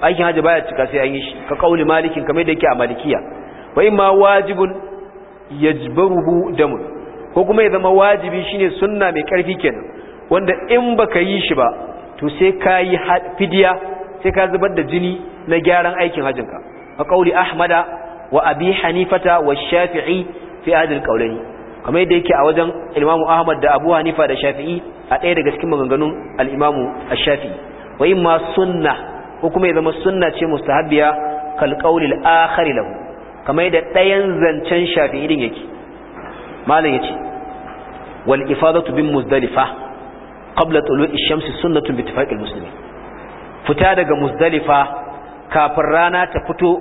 aikin haji baya cika sai an yi shi ka kauli malikin kamar da yake a malikiya wa in ma wajibun yajbaruhu damun ko kuma ya zama wajibi shine sunna mai karfi kenan wanda in baka yi shi ba to sai ka yi fidiya sai ka zubar da jini na gyaran aikin hajjinka a kauli ahmada wa abi hanifata wa shafi'i fi adil kaulani kamar yadda yake a wajen Imam Ahmad da Abu Hanifa da Shafi'i a ɗaya daga cikin maganganun al'imamu a shafii wa imma sunna ko kuma ya zama sunna ce mustahabbiya kal qawlil akhari lahu kamar yadda ɗayan zancen Shafi'i din yake malam ya yace wal ifadatu bin muzdalifa qabla tulu'i shamsi sunnatun bi ittifaqil muslimin fita daga muzdalifa kafin rana ta fito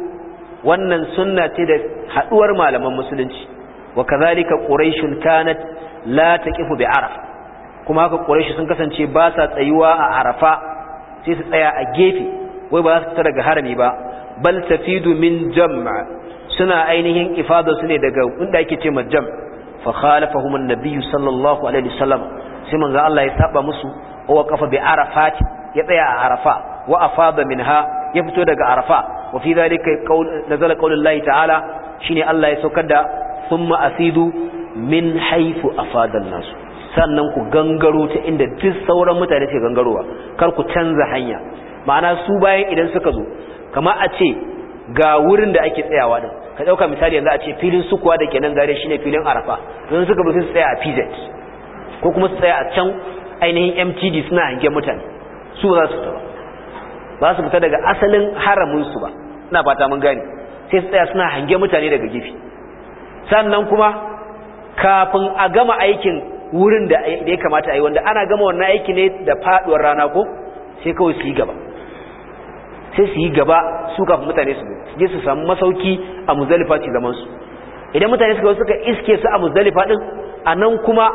wannan sunna ce da haduwar malaman musulunci wa kazalika quraishun kanat la taqifu bi araf kuma haka quraish sun kasance ba sa tsayuwa a arafa sai su tsaya a gefe wai ba za su fita daga harami ba bal tafidu min jam'a suna ainihin ifada su ne daga inda ake ce majam fa khalafahum an-nabiy sallallahu alaihi wasallam sai manzo Allah ya saba musu wa kafa bi arafat ya tsaya a arafa wa afada minha ya fito daga arafa wa fi dhalika qaul nazala qaulullahi ta'ala shine Allah ya saukar da thumma asidu min a fadar nasu sannan ku gangaro ta inda duk sauran mutane ke gangarowa kar ku canza hanya ma'ana su bayan idan suka zo kama a ce ga wurin da ake tsayawa din ka dauka misali yanzu a ce filin sukuwa da ke nan shi ne filin arafa don suka bi su tsaya a pz ko kuma su tsaya a can ainihin mtd suna hangen mutane su ba za su fita ba su fita daga asalin haramunsu su ba ina fata mun gane sai su tsaya suna hange mutane daga gefe sannan kuma kafin a gama aikin wurin da ya kamata a yi wanda ana gama wannan aiki ne da faduwar rana ko sai kawai su yi gaba sai su yi gaba su kafin mutane su je su samu masauki a muzalifa ci zaman idan mutane suka suka iske su a muzalifa din a nan kuma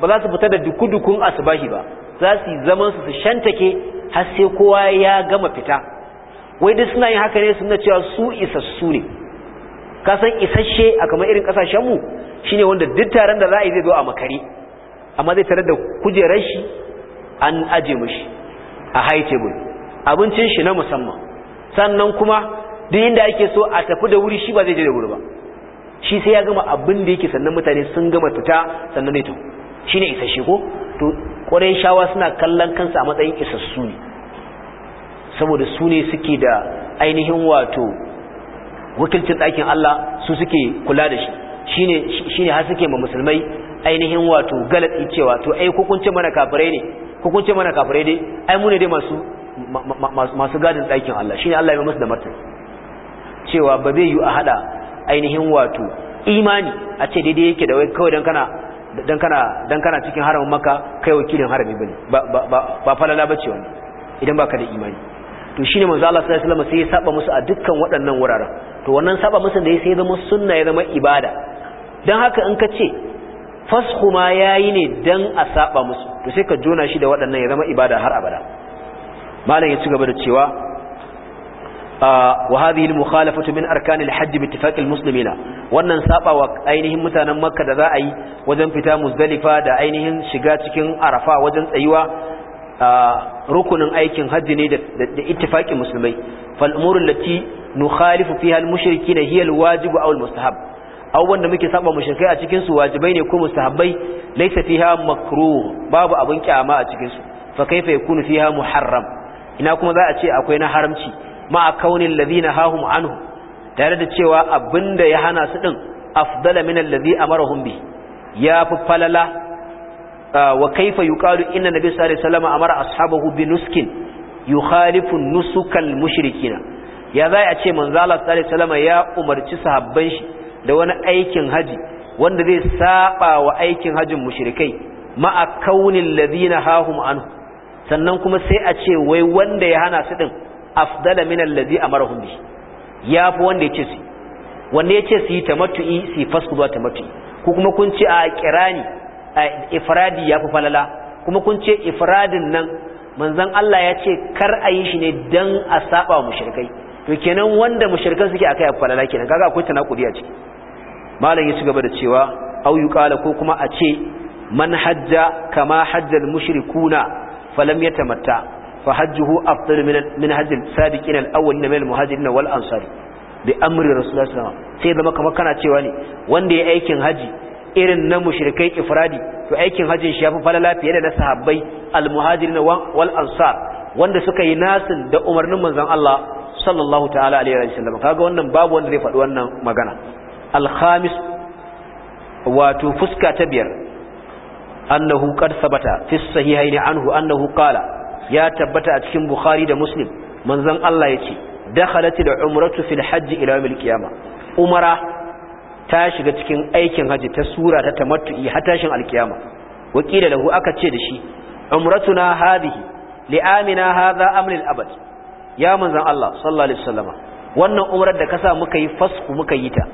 ba za su fita da dukudukun asubahi ba za su yi zaman su su shantake har sai kowa ya gama fita wai duk suna yin haka ne suna cewa su isassu ne ka san isasshe a kamar irin kasashen mu shine wanda duk taron da za a yi zai zo a makare amma zai tarar da kujerar shi an aje mishi a high table abincin shi na musamman sannan kuma duk inda ake so a tafi da wuri shi ba zai je da wuri ba shi sai ya gama abin da yake sannan mutane sun gama fita sannan ne to shine isasshe ko to kwarai shawa suna kallon kansa a matsayin isassu ne saboda su ne suke da ainihin wato wakilcin ɗakin Allah su suke kula da shi shine shine har suke ma musulmai ainihin wato galati cewa to ai hukunci mana kafirai ne hukunci mana kafirai dai ai mu ne dai masu masu gadin ɗakin Allah shine Allah ya musu da martani cewa ba zai yi a hada ainihin wato imani a ce daidai yake da wai kawai dan kana dan kana dan kana cikin haramin maka kai wakilin harami bane ba ba ba falala bace wannan idan baka da imani to shine manzo Allah sallallahu alaihi wasallam sai ya saba musu a dukkan waɗannan wuraren to wannan saba musu da ya sai zama sunna ya zama ibada don haka in ka ce fasku ma ya yi ne dan a saba musu to sai ka jona shi da waɗannan ya zama ibada har abada malam ya cigaba da cewa wa hadhihi al-mukhalafatu min arkan al-hajj bi ittifaq al-muslimina wannan wa ainihin mutanen makka da za a yi wajen fita muzdalifa da ainihin shiga cikin arafa wajen tsayuwa rukunin aikin hajji ne da ittifaqin musulmai fal umur allati nukhalifu fiha al mushrikin hiya al wajib aw al mustahab abubuwan da muke saba mushrikai a cikin su wajibai ne ko mustahabbai laysa fiha makruh babu abun kyama a cikin su fa kaifa yakunu fiha muharram ina kuma za a ce akwai na haramci ma kaunin ladina hahum anhu tare da cewa abinda ya hana su din afdala min allazi amarahum bi ya fi falala wa kaifa yuqalu inna nabiy sallallahu alaihi wasallam amara ashabahu bi nuskin yukhalifu nusukal mushrikina ya za a ce manzo Allah sallallahu alaihi wasallam ya umarci sahabban shi da wani aikin haji wanda zai saba wa aikin hajin mushrikai ma'a kaunin ladina hahum anhu sannan kuma sai a ce wai wanda ya hana su din afdala min allazi amarahum bi yafi wanda yace su wanda yace su yi tamattu'i su fasku ba tamattu'i ko kuma kun ci a kirani ifradi ya fi falala kuma kun ce ifradin nan manzon Allah ya ce kar a yi shi ne dan a saba wa mushrikai to kenan wanda mushrikan suke akai a falala kenan kaga akwai tanakudi a ciki malam ya ci gaba da cewa au yuqala ko kuma a ce man hajja kama hajjal mushrikuna falam yatamatta فحجه أفضل من من حج السابقين na من المهاجرين na بأمر رسول الله صلى الله عليه وسلم sai zama kamar kana cewa ne wanda ya aikin haji irin na mushrikai ifradi to aikin hajjin shi yafi falala fiye da na sahabbai almuhajirin wal ansar wanda suka yi nasin da umarnin manzon Allah sallallahu ta'ala alaihi wa sallam kaga wannan babu wanda zai faɗi wannan magana alkhamis wato fuska ta biyar annahu qad sabata fi sahihaini anhu annahu qala ya tabbata a cikin bukhari da muslim manzon Allah yace da umratu fil hajj ila yawmil qiyamah umara ta shiga cikin aikin haji ta sura ta tamattu'i har tashin alkiyama wakila lahu aka ce da shi umratuna hadhihi amina hadha al abad ya manzon Allah sallallahu alaihi wasallam wannan umrar da ka kasa muka yi fasku muka yi ta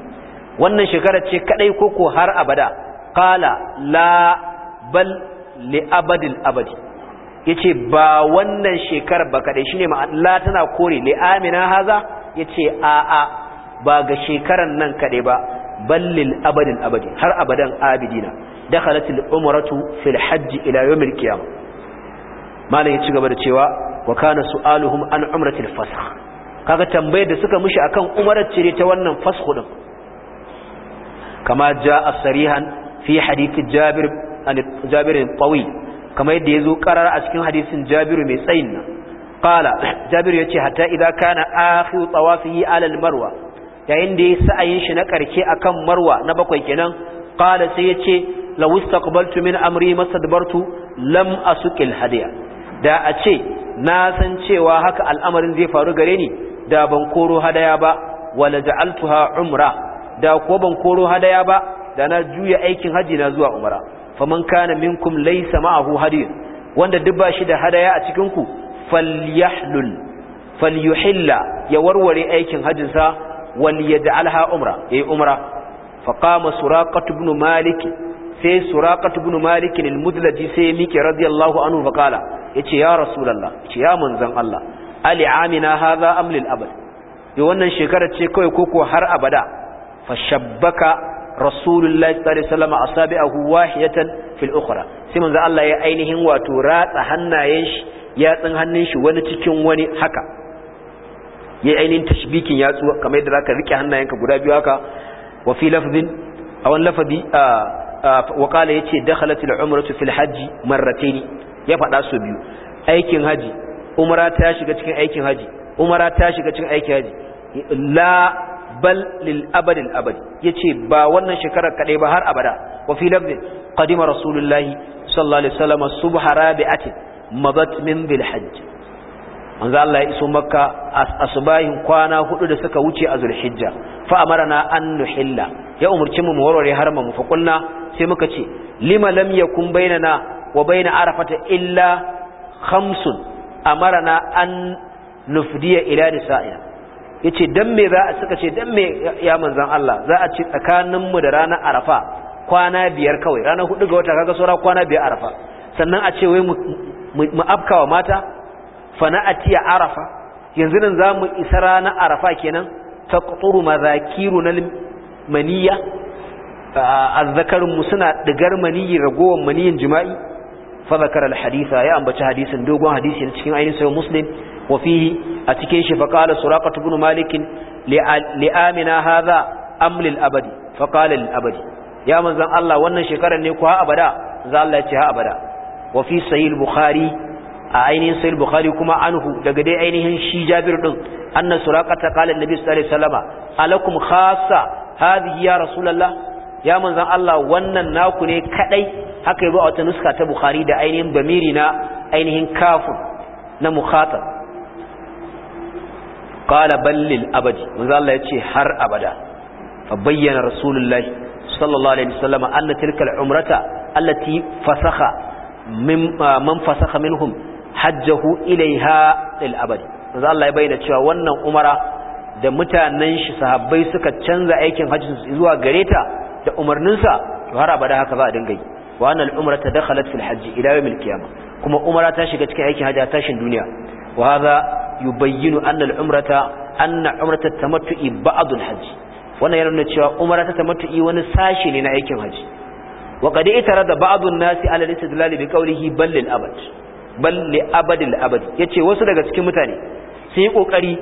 wannan shekara ce kadai ko har abada qala la bal li abadil abadi yace ba wannan shekarar ba kadai shine ma. Allah tana kore li amina haza yace a a ba ga shekaran nan kadai ba ballil abadin abadi har abadan abidina dakhalatil umratu fil hajj ila yawmil qiyamah malam ya ci gaba da cewa wa kana su'aluhum an umratil fasakh kaga tambayar da suka mushi akan umarar cire ta wannan fasakh din kama jaa sarihan fi hadith jabir an jabir qawi kama yadda yazo karar a cikin hadisin jabir mai tsayin nan qala jabir yace hatta idza kana akhiru tawafihi ala al marwa yayin da ya sa'ayin shi na karke akan marwa na bakwai kenan qala sai yace law istaqbaltu min amri masadbartu lam asqil hadiya da a ce na san cewa haka al'amarin zai faru gare ni da ban koro hadaya ba wala ja'altuha umra da ko ban koro hadaya ba da na juya aikin haji na zuwa umra faman kana minkum laysa ma'ahu hadiy wanda duk ba shi da hadaya a cikin ku falyahlul falyuhilla ya warware aikin hajinsa wal yaj'alha umra yayi umra fa qama suraqatu ibn maliki sai suraqatu ibn malik al-mudlaji sai miki radiyallahu anhu fa kala yace ya rasulullah yace ya manzon Allah ali amina hadha am lil abad wannan shekarar ce kawai koko har abada fa shabbaka rasulullahi sallallahu alaihi wasallam asabi'ahu wahidatan fil ukhra sai manzon Allah ya ainihin wato ratsa hannayen shi hannun shi wani cikin wani haka yi ainihin tashbikin yatsu kamar yadda zaka rike hannayenka guda biyu haka wa fi lafzin a wani lafazi wa qala yace dakhalat al-umratu fil hajji marratayn ya faɗa su biyu aikin haji umara ta shiga cikin aikin haji umara ta shiga cikin aikin haji la bal lil abad al abad yace ba wannan shekarar kadai ba har abada wa fi lafzin qadima rasulullahi sallallahu alaihi wasallam subha rabi'atin madat min bil hajj manzo Allah ya iso makka asbahin kwana hudu da suka wuce a zulhijja fa amarna an nuhilla ya umurci mu warware harma mu fa kunna sai muka ce lima lam yakun bainana wa baina arafata illa khamsun amarna an nufdiya ila nisa'ina yace dan me za a suka ce dan me ya manzo Allah za a ci tsakanin mu da ranar arafa kwana biyar kawai ranar hudu ga wata kaga saura kwana biyar arafa sannan a ce wai mu afkawa mata fa na'ati arafa yanzu nan zamu isa ranar arafa kenan taqturu mazakiru nal maniya azzakarun mu suna digar maniyi ragowar maniyin jima'i fa zakara al haditha ya ambaci hadisin dogon hadisi ne cikin ainihin sahih muslim wa fihi a cikin shi fa qala suraqah ibn malik li amina hadha am abadi fa qala abadi ya manzon Allah wannan shekarar ne ko ha abada za Allah ya ce ha abada wa fi sahih bukhari a ainihin sahih bukhari kuma anhu daga dai ainihin shi jabir din anna suraqata qala annabi sallallahu alaihi wasallama alakum khassa hadhihi ya rasulullah ya manzon Allah wannan naku ne kadai haka yabo a wata nuska ta bukhari da ainihin bamiri na ainihin kafun na mukhatab qala ballil abadi manzon Allah yace har abada fa bayyana rasulullah sallallahu alaihi wasallama anna tilka al-umrata allati fasakha من من فسخ منهم hajjahu ilaiha lil abadi manzo Allah ya bayyana cewa wannan umara da mutanen shi sahabbai suka canza aikin hajjin su zuwa gare ta da umarnin sa to har abada haka za a dinga yi wa annal umrata dakhalat fil hajj ila yawmil qiyamah kuma umara ta shiga cikin aikin hajji tashin duniya wa hadha yubayyinu anna al umrata anna umrata tamattu'i ba'd al hajj wannan yana nuna cewa umara ta tamattu'i wani sashi ne na aikin hajji wa qad itara da ba'd an nasi ala al istidlal bi qawlihi bal lil abad bal li abadil ya yace wasu daga cikin mutane sun yi ƙoƙari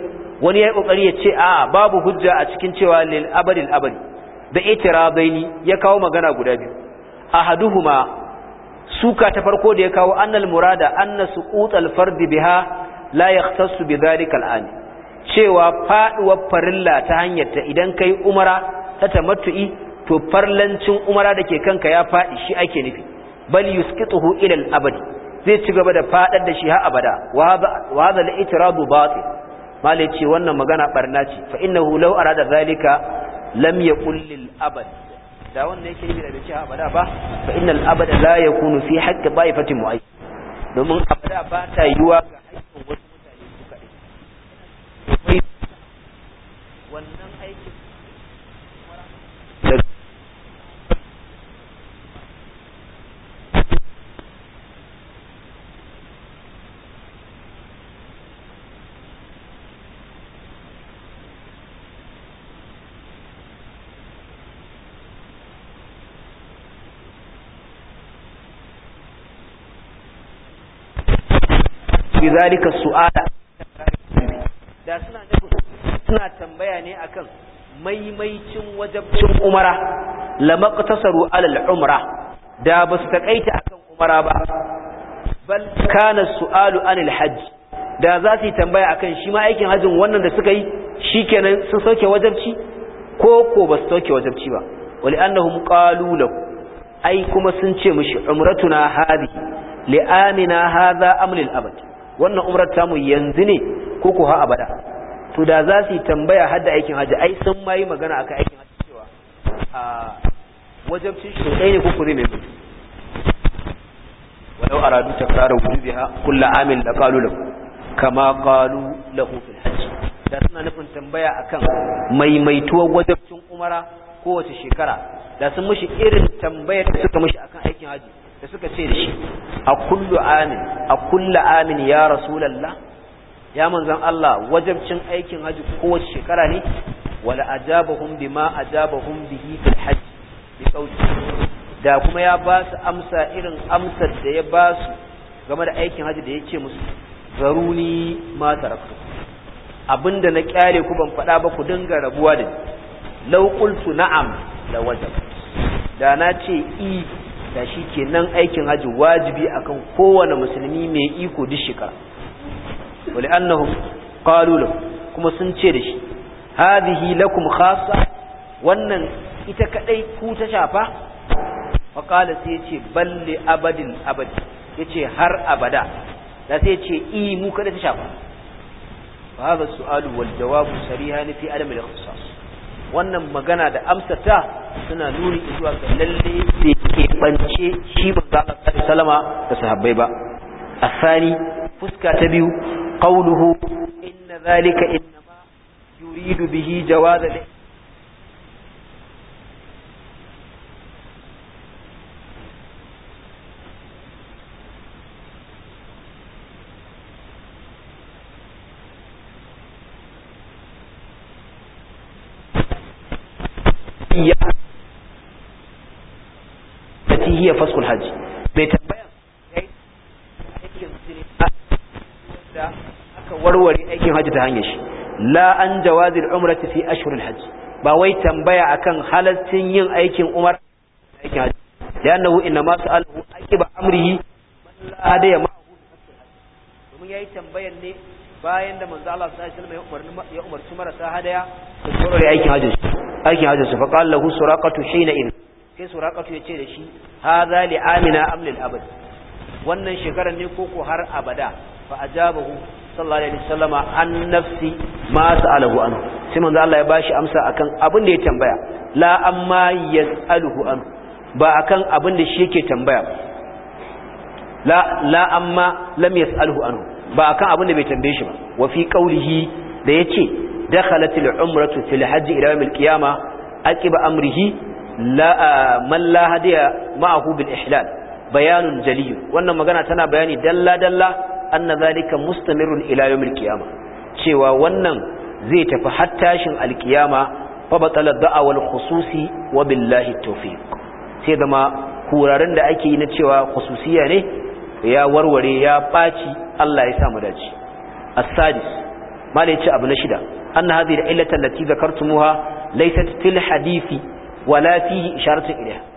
wani yi ƙoƙari ya ce a babu hujja a cikin cewa lil abadil abad da itirabaini ya kawo magana guda biyu ahaduhuma suka ta farko da ya kawo annal murada anna su al fardi biha la yahtassu bi dhalika al cewa faɗuwar farilla ta hanyar ta idan kai umara ta tamattu'i to farlancin umara da ke kanka ya faɗi shi ake nufi bal yusqituhu ila al abadi zai ci gaba da fadar da shi har abada wa hadha al-i'tiradu batil malai wannan magana barna ce fa innahu law arada zalika lam yaqul lil abad da wannan yake yi da bai ci abada ba fa innal abada la yakunu fi haqqi ba'ifatin mu'ayyan domin abada ba ta yiwa ga haƙƙin wasu mutane su kaɗai wannan bi zalika su'ala da suna suna tambaya ne akan maimaicin wajabcin umara lamaqtasaru ala al-umra da su takaita akan umara ba bal kana su'alu an al-hajj da za su tambaya akan shi ma aikin hajjin wannan da suka yi shikenan sun sauke wajabci ko ko ba su sauke wajabci ba wali annahum qalu ai kuma sun ce mishi umratuna hadi? li amina hadha amlil abad wannan umrar tamu yanzu ne ko ko har abada to da za su tambaya har da aikin haji ai sun mai magana akan aikin haji cewa a wajabcin shi ɗaya ne ko ne mai mutu walau aradu takraru wujubiha kullu amin da qalu lahu kama qalu lahu fil hajj da suna nufin tambaya akan maimaituwar wajabcin umara kowace shekara da sun mishi irin tambayar da suka mishi akan aikin haji da suka ce da shi a kullu amin a kullu amin ya rasulallah ya manzan Allah wajabcin aikin haji kowace shekara ne wala ajabahum bima ajabahum bihi fil hajj bi sauti da kuma ya ba su amsa irin amsar da ya ba su game da aikin haji da yake musu zaruni ma tarakku abinda na kyale ku ban faɗa ba ku dinga rabuwa da ni law qultu na'am la wajab da na ce i da shi ke nan aikin hajji wajibi akan kowane musulmi mai iko duk shekara wali annahum qalu kuma sun ce da shi hadhihi lakum khassa wannan ita kadai ku ta shafa fa qala sai ce, balli abadin abadi yace har abada da sai ce, i eh, mu kada ta shafa fa hadha su'alu wal jawabu sarihan fi adam al ikhtisas wannan magana da amsata suna nuni zuwa ga lalle ke bance shi ba za salama da sahabbai ba a sani fuska ta biyu ƙauluhu inna zalika inna ma yuridu bihi jawaza ya tati hiya faskul hajji bai tambaya aikin da aka warware aikin hajji ta hanyar shi la an jawazil ta fi ashirin hajji. ba wai tambaya akan halaccin yin aikin umar aikin hajji liannahu inna ma sa'alahu aqiba amrihi man la hada ya ma'ahu domin yayi tambayan ne bayan da manzo Allah sallallahu alaihi wasallam ya umarci marasa hadaya su da aikin hajjin su aikin hajjin su fa qala lahu suraqatu shayna in sai suraqatu yace da shi hadha li amina amlil abad wannan shekarar ne koko har abada fa ajabahu sallallahu alaihi wasallam an nafsi ma sa'alahu an sai manzo Allah ya bashi amsa akan abin da ya tambaya la amma yas'aluhu an ba akan abin da shi yake tambaya la la amma lam yas'aluhu anhu ba kan abin da bai tambaye shi ba wa fi qawlihi da yace dakhalatil umratu fil hajj ila yawmil qiyama aqiba amrihi la man la hadiya ma'ahu bil ihlal bayanun jaliyu wannan magana tana bayani dalla dalla anna zalika mustamirun ila yawmil qiyama cewa wannan zai tafi hattashin alkiyama fa batala da'awa khususi wa billahi tofi sai zama kurarin da ake yi na cewa khususiya ne ya warware ya ɓaci Allah ya samu dace as-sadis mala yace abu na shida anna hadhihi al-illata allati dhakartumuha laysat fil hadisi wala fihi isharatu ilayha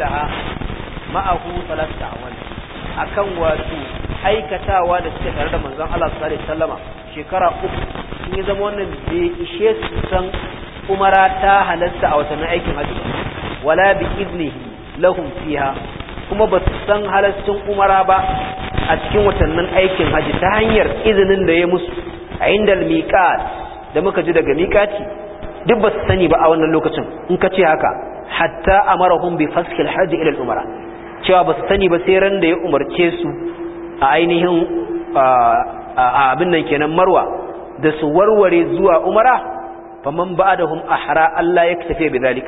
kullaha ma'ahu talasta wal akan wato aikatawa da suke tare da manzon Allah sallallahu alaihi wasallama shekara uku sun yi zama wannan bai ishe su san umara ta halasta a watannin aikin hajji wala bi idnihi lahum fiha kuma ba su san halastin umara ba a cikin watannin aikin hajji ta hanyar izinin da ya musu a inda miqat da muka ji daga miqati duk ba su sani ba a wannan lokacin in ka ce haka hatta amarahum bi faskil hajji ila al-umara cewa ba su sani ba sai ran da ya umarce su a ainihin abin nan kenan marwa da su warware zuwa umara faman ba'dahum ahra Allah ya tafi bi zalik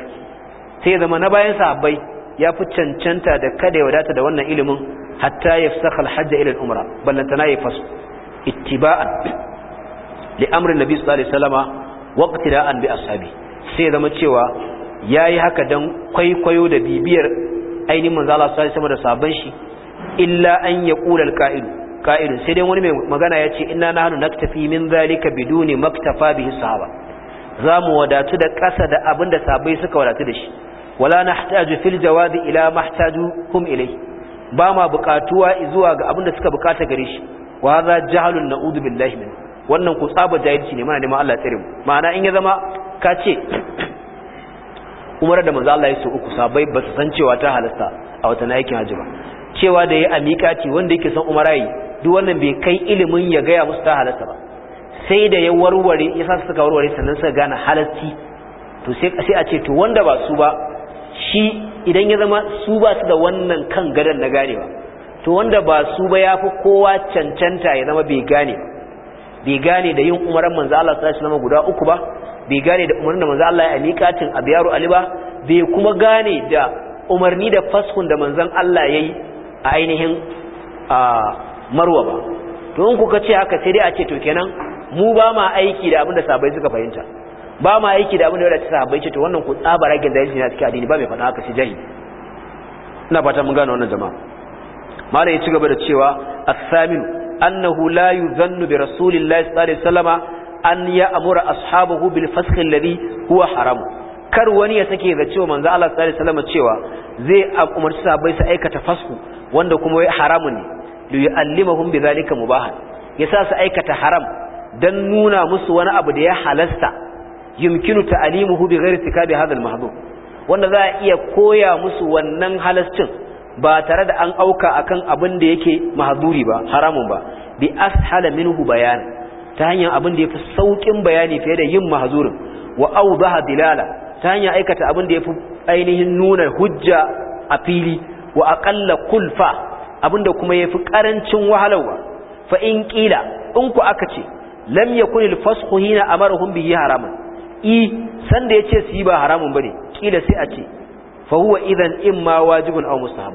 sai zama na bayan sahabbai ya fi cancanta da kada ya wadata da wannan ilimin hatta yafsakh al-hajj ila al-umra ballantana ya fasu ittiba'an li amri nabi sallallahu alaihi wasallama waqtira'an bi ashabi sai zama cewa Ya yi haka don kwaikwayo da bibiyar ainihin manzo Allah sallallahu alaihi da sabon shi illa an ya ka'idu qail qa'il sai dai wani mai magana ya ce inna nahnu naktafi min zalika ne maktafa bihi sahaba zamu wadatu da kasa da abinda sabai suka wadatu da shi wala nahtaju fil jawazi ila mahtaju hum ilai ba ma buƙatuwa zuwa ga abinda suka bukata gare shi wa hadha jahlun na'udhu billahi min wannan ku tsaba jahilci ne mana neman Allah tsare mu ma'ana in ya zama ka ce Umar da manzo Allah ya so uku sabai ba su san cewa ta halasta a watan aikin hajji ba cewa da yayi amikati wanda yake san umara yi duk wannan bai kai ilimin ya gaya musu ta halasta ba sai da ya warware ya sa suka warware sannan suka gane halasti to sai sai a ce to wanda ba su ba shi idan ya zama su ba su da wannan kan gadan na ganewa to wanda ba su ba yafi kowa cancanta ya zama bai gane bai gane da yin umaran manzo Allah sallallahu alaihi wasallam guda uku ba bai gane da umarnin da manzan Allah ya miƙatin abiyaru ali ba bai kuma gane da umarni da faskun da manzan Allah ya yi a ainihin marwa ba to in kuka ce haka sai dai a ce to kenan mu ba ma aiki da abin da suka fahimta ba ma aiki da abin da wadata sahabbai ce to wannan ku tsabara gin zai na cikin addini ba mai fada haka shi jahi ina fata mun gane wannan jama'a malai ya ci gaba da cewa as-samin annahu la yuzannu bi rasulillahi sallallahu alaihi wasallama an ya amura ashabahu bil fasl alladhi huwa haram kar wani ya sake da cewa manzo Allah sallallahu alaihi wasallam cewa zai umarci sahabbai su aikata fasku wanda kuma wai haramu ne li yu'allimahum bidhalika mubahan yasa su aikata haram dan nuna musu wani abu da ya halasta yumkinu ta'limuhu bighairi tikabi hadha al-mahdhur wanda za a iya koya musu wannan halascin ba tare da an auka akan abin da yake mahduri ba haramun ba bi ashala minhu bayan ta hanyar abin da yafi saukin bayani fiye da yin mahzurin wa auzaha dilala ta hanyar aikata abin da yafi ainihin nuna hujja a fili wa aƙalla kulfa da kuma yafi karancin wahalarwa fa in ƙila, in ku aka ce lam yakun al fasxu hina bi yi haramun i san da ce su yi ba haramun bane ƙila sai a ce fa huwa idan ma wajibun aw mustahab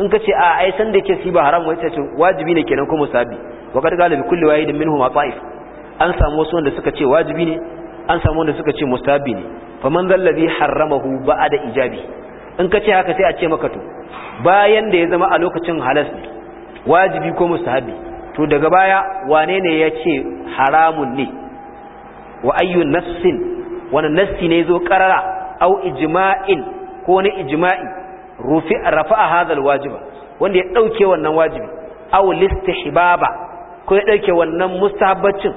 in ka ce a ai san da yake su yi ba haramun wace ce wajibi ne kenan ko musabi wa kad galibi kulli wahidin minhum ta'if an samu wasu wanda suka ce wajibi ne an samu wanda suka ce mustahabi ne faman zallabi harramahu ba'da ijabi in ka ce haka sai a ce maka to bayan da ya zama a lokacin halas ne wajibi ko mustahabi to daga baya wane ne ya ce haramun ne wa ayyu nafsin wani nassi ne zo karara au ijma'in ko na ijma'i rufi rafa'a hadal wajiba wanda ya dauke wannan wajibi au listihbaba ko ya dauke wannan mustahabbacin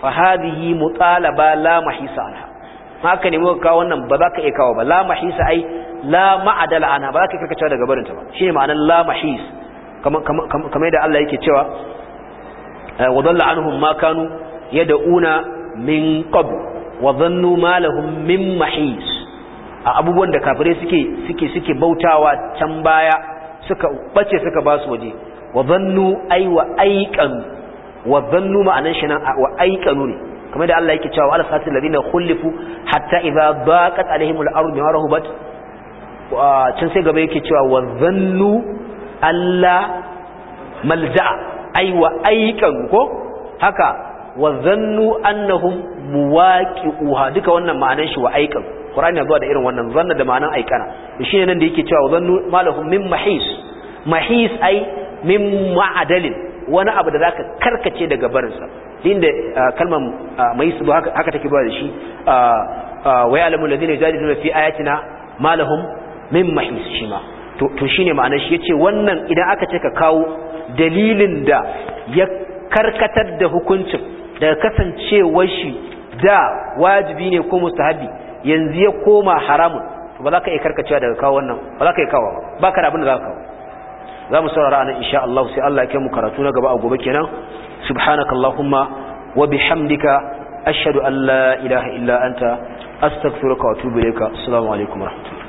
fa hadhihi mutalaba la mahisa anha haka ne muka kawo wannan ba za ka iya kawo ba la mahisa ai la ma'adala anha ba za ka karkacewa daga barinta ba shine ma'anar la mahis kamar da Allah yake cewa eh, wa dalla anhum ma kanu yad'una min qabl wa dhannu ma lahum min mahis a abubuwan da kafirai suke suke suke bautawa can baya suka bace suka basu waje wa dhannu ai wa aiqan wa zannu ma'anan shi nan wa aikanu ne kamar da Allah yake cewa al fasil ladina khulifu hatta idza baqat alaihim al ardu bima rahubat can sai gaba yake cewa wa zannu alla malja'a ai wa aikanu ko haka wa dhannu annahum muwaqi'uha duka wannan ma'anan shi wa aikanu Qur'ani na zuwa da irin wannan zanna da ma'anan aiƙana, shi ne nan da yake cewa wa dhannu malahum min mahis mahis ai min ma'adalin wani abu da za ka karkace daga barinsa inda uh, kalmar uh, mai su haka take ba da shi uh, wa ya'lamu alladhina yujadiluna fi ayatina cina min mahis shima to to shine ma'anar shi yace wannan idan aka ce ka kawo dalilin da ya karkatar da hukuncin daga kasancewar shi da wajibi ne ko mustahabi yanzu ya koma haramun ba za ka iya karkacewa daga kawo wannan ba za ka iya kawo ba ka da abin da za ka kawo za mu saurara nan insha Allah sai Allah ya kai mu karatu na gaba a gobe kenan subhanakallahumma wa bihamdika ashhadu an la ilaha illa anta astaghfiruka wa atubu ilayka assalamu alaikum